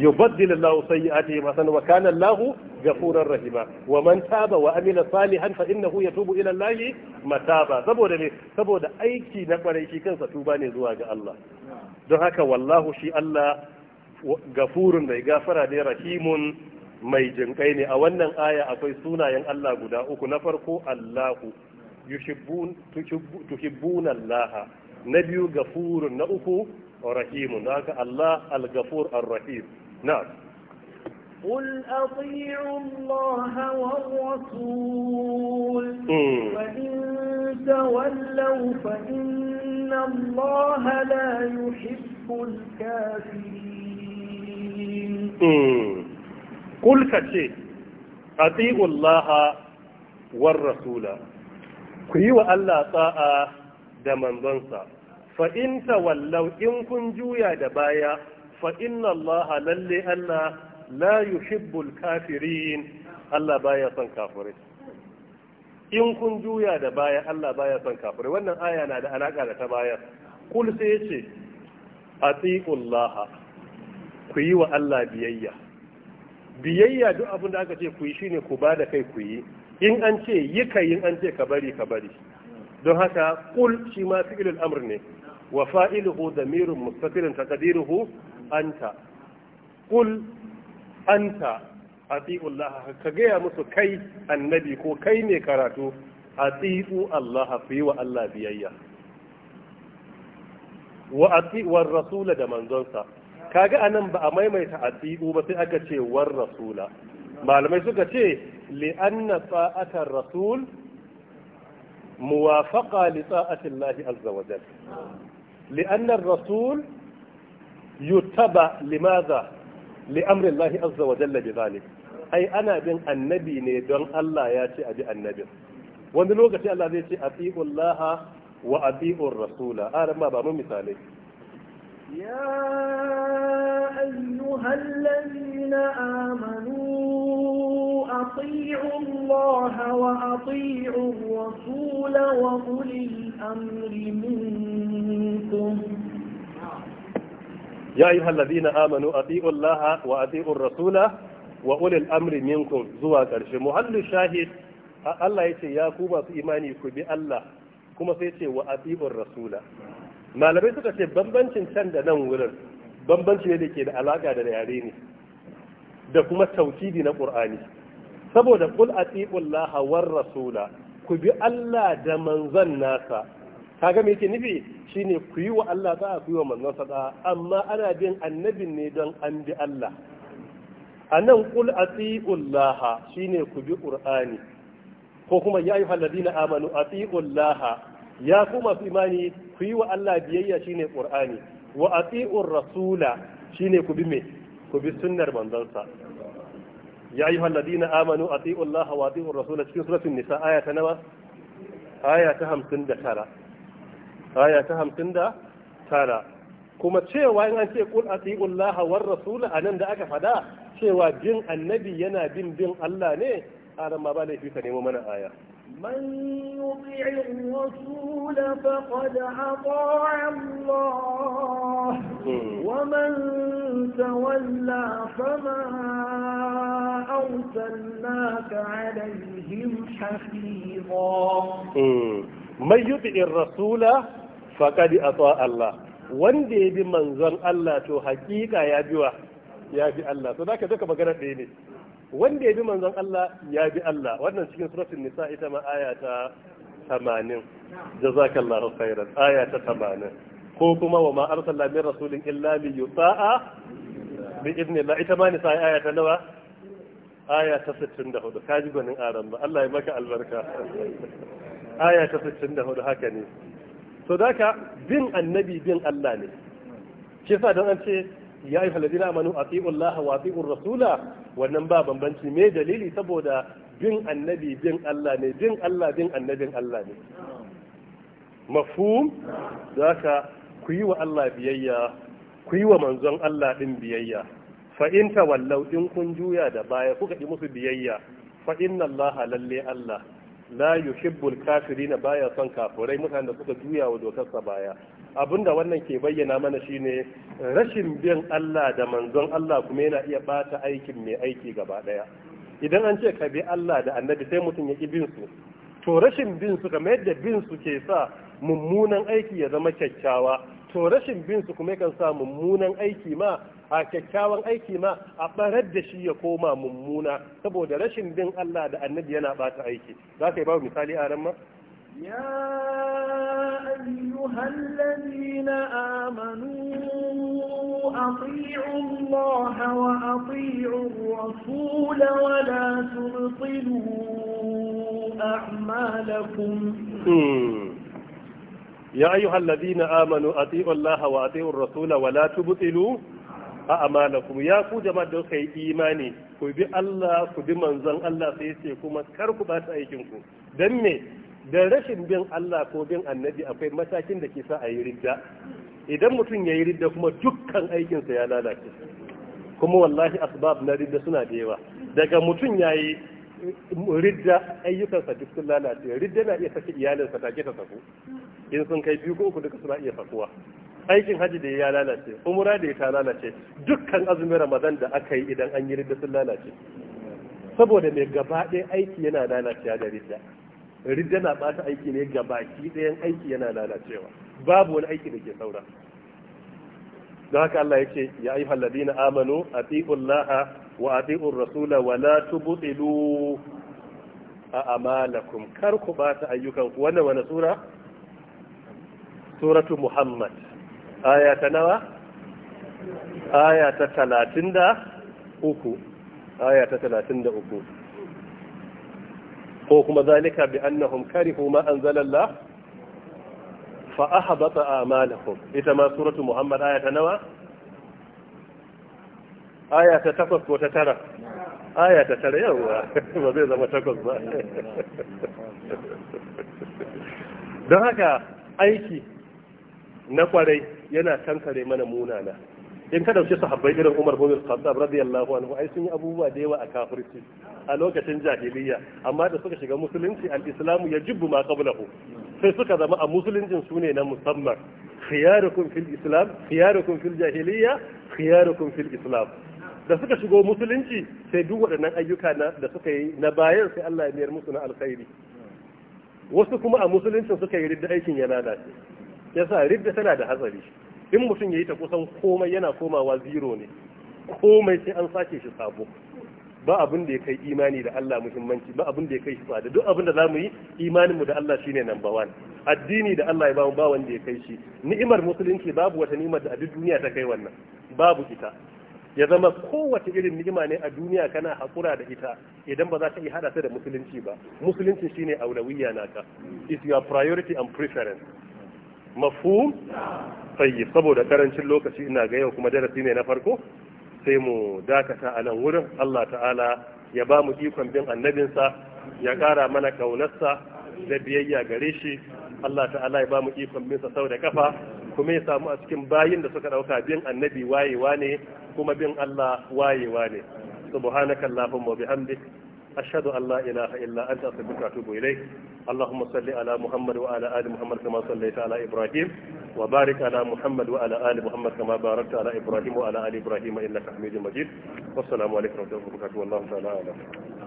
yubaddilu Allahu sayyi'atihim hasanatan wa kana Allahu ghafurur rahima wa man taba wa salihan fa innahu yatubu ila Allahi mataba saboda me saboda aiki na kwarai shi kansa tuba ne zuwa ga Allah don haka wallahu shi Allah gafurun mai gafara ne rahimun mai jinkai ne a wannan aya akwai sunayen Allah guda uku na farko Allahu yuhibbun tuhibbun na biyu gafurun na uku rahimun haka Allah al-gafur ar-rahim نعم قل أطيعوا الله والرسول فإن تولوا فإن الله لا يحب الكافرين قل كشي أطيعوا الله والرسول كيو الله طاعة دمان ظنصا فإن تولوا إن كن جويا دبايا fa lallai allaha lalle anna la kafirin Allah baya son in kun juya da baya Allah baya son kafirai wannan aya na da alaƙa da ta baya kul sai yace atiqullaha ku yi wa Allah biyayya biyayya duk abin da aka ce ku yi shine ku ba da kai ku yi in an ce yi ka yi, an ce ka bari ka bari don haka kul shi ma fi'ilul amr ne wa fa'iluhu damirun mustaqilun taqdiruhu anta qul anta atiullah ka gaya musu kai annabi ko kai ne karatu atiu Allah fi wa Allah biyayya wa ati war rasula da manzonsa kaga anan ba a maimaita atiu ba sai aka ce war rasula malamai suka ce li'anna sa'atar rasul muwafaqa li sa'atin Allah azza wa jalla li'anna rasul يتبع لماذا لأمر الله عز وجل بذلك أي أنا بن النبي ندون الله ياتي أبي النبي wani lokaci Allah zai ce ati'un laha wa ati'un rasula a ma ba mu misalai ya ayyuhal ladina amanu ati'u Allah wa ati'u rasula wa ulil amri minkum ya yi na amanu a Allah wa a rasula wa ulil amri minkum zuwa ƙarshe muhallu shahid Allah ya ce ya ku masu imani ku bi Allah kuma sai ce wa ati'ur rasula malamai suka ce bambancin can da nan wurin bambanci ne da ke da alaka da yare ne da kuma taukidi na qur'ani saboda qul ati'ullaha war rasula ku bi Allah da manzon nasa kaga me yake nufi shine ku yi wa Allah za ku yi wa manzon sa amma ana bin annabin ne don an bi Allah anan qul atiullaha shine ku bi qur'ani ko kuma ya ayyuhal ladina amanu atiullaha ya kuma fi imani ku yi wa Allah biyayya shine qur'ani wa atiur rasula shine ku bi me ku bi sunnar manzon sa ya ayyuhal ladina amanu atiullaha wa atiur rasula cikin suratul nisa aya ta nawa aya ta 59 aya ta hamsin da tara kuma cewa in an ce kul atiullaha war rasul anan da aka fada cewa bin annabi yana bin bin Allah ne aran ma ba laifi ka nemo mana aya من يطع الرسول فقد أطاع الله ومن تولى فما أرسلناك عليهم حفيظا mai yuti'in rasula faƙadi a Allah wanda ya bi manzon Allah to hakika ya biwa ya bi Allah to zaka duka magana ɗaya ne wanda ya bi manzon Allah ya bi Allah wannan cikin suratul nisa ita ma aya ta 80 jazakallahu khairan aya ta 80 ko kuma wa ma arsalna min rasulin illa li yuta'a bi idnillah ita ma nisa aya ta nawa aya ta 64 kaji gwanin aran ba Allah ya maka albarka aya ta hudu haka ne to ka bin annabi bin Allah ne shi yasa dan an ce ya ayyuhal ladina amanu atiiu Laha wa atiiu rasula wannan ba bambanci me dalili saboda bin annabi bin Allah ne bin Allah bin annabin Allah ne mafhum ka ku yi wa Allah biyayya ku yi wa manzon Allah din biyayya fa in ɗin in kun juya da baya kuka yi musu biyayya fa inna Allah lalle Allah la yuhibbul kafirina baya son kafirai mutanen da suka juya wa dokarsa baya abinda wannan ke bayyana mana shine rashin bin Allah da manzon Allah kuma yana iya bata aikin mai aiki gaba daya idan an ce ka bi Allah da annabi sai mutum ya ki bin su to rashin bin su kamar yadda bin su ke sa mummunan aiki ya zama kyakkyawa to rashin bin su kuma kan sa mummunan aiki ma a kyakkyawan aiki ma a barar da shi ya koma mummuna saboda rashin bin Allah da annabi yana bata aiki za ka yi ba misali a ran ma ya amanu a يا أيها الذين آمنوا أطيعوا الله وأطيعوا الرسول tsiru a malakun يا أيها الذين آمنوا أطيعوا الله وأطيعوا الرسول ولا تبطلوا a amalakum ya ku jama'a da kuka yi imani ku bi Allah ku bi manzon Allah sai yace kuma kar ku bata aikin ku dan me da rashin bin Allah ko bin annabi akwai matakin da ke sa a yi ridda idan mutum ya yi ridda kuma dukkan aikinsa ya lalace kuma wallahi asbab na ridda suna da yawa daga mutum ya yi ridda ayyukansa duk sun lalace ridda na iya sake iyalinsa take ta saku in sun kai biyu ko uku duka suna iya sakuwa aikin Hajji da ya lalace umura da ya ta lalace dukkan azumin ramadan da aka yi idan an yi ridda sun lalace saboda mai gaba ɗaya aiki yana lalacewa da ridda ridda na ɓata aiki ne ki ɗayan aiki yana lalacewa babu wani aiki da ke saura don haka Allah ya ce ya ayyuhal ladina amanu laha wa tsibin rasula wa la tubutsilu a amalakum kar ku bata ayyukan ku wannan wani sura suratu muhammad aya ta nawa aya ta talatin da uku aya ta talatin da uku ko kuma zalika bi annahum karihu ma anzalallah fa ahbata a'malahum ita ma suratu muhammad aya ta nawa aya ta takwas ko ta tara aya ta tara yawa *laughs* ba zai zama takwas ba *laughs* don haka aiki na kwarai yana kankare mana munana in ka dauki sahabbai irin Umar bin Al-Khattab radiyallahu anhu ai sun yi abubuwa da yawa a kafirci a lokacin jahiliya amma da suka shiga musulunci al-islamu yajibu ma qablahu sai suka zama a musuluncin su ne na musamman khiyarukum fil islam khiyarukum fil jahiliya khiyarukum fil islam da suka shigo musulunci sai duk waɗannan ayyuka da suka yi na bayan sai Allah ya mayar musu na alkhairi wasu kuma a musuluncin suka yi da aikin ya lalace yasa ridda tana da hatsari in mutum ya yi ta kusan komai yana komawa zero ne komai sai an sake shi sabo ba abin da ya kai imani da Allah muhimmanci ba abin da ya kai shi tsada duk abin da zamu yi imanin mu da Allah shine number one addini da Allah ya bamu ba wanda ya kai shi ni'imar musulunci babu wata ni'imar da a duniya ta kai wannan babu ita ya zama kowace irin ni'ima ne a duniya kana hakura da ita idan ba za ka iya hada ta da musulunci ba musulunci shine aulawiyya naka is your priority and preference mafhum tayyib saboda karancin lokaci ina ga yau kuma darasi ne na farko sai mu dakata a nan wurin Allah ta'ala ya ba mu ikon bin annabinsa ya kara mana kaunarsa da biyayya gare shi Allah ta'ala ya ba mu ikon bin sa sau da kafa kuma ya samu a cikin bayin da suka dauka bin annabi wayewa ne kuma bin Allah wayewa ne subhanakallahumma wa bihamdika أشهد أن لا إله إلا أنت أستغفرك وأتوب إليك اللهم صل على محمد وعلى آل محمد كما صليت على إبراهيم وبارك على محمد وعلى آل محمد كما باركت على إبراهيم وعلى آل إبراهيم إنك حميد مجيد والسلام عليكم ورحمة الله وبركاته والله تعالى أعلم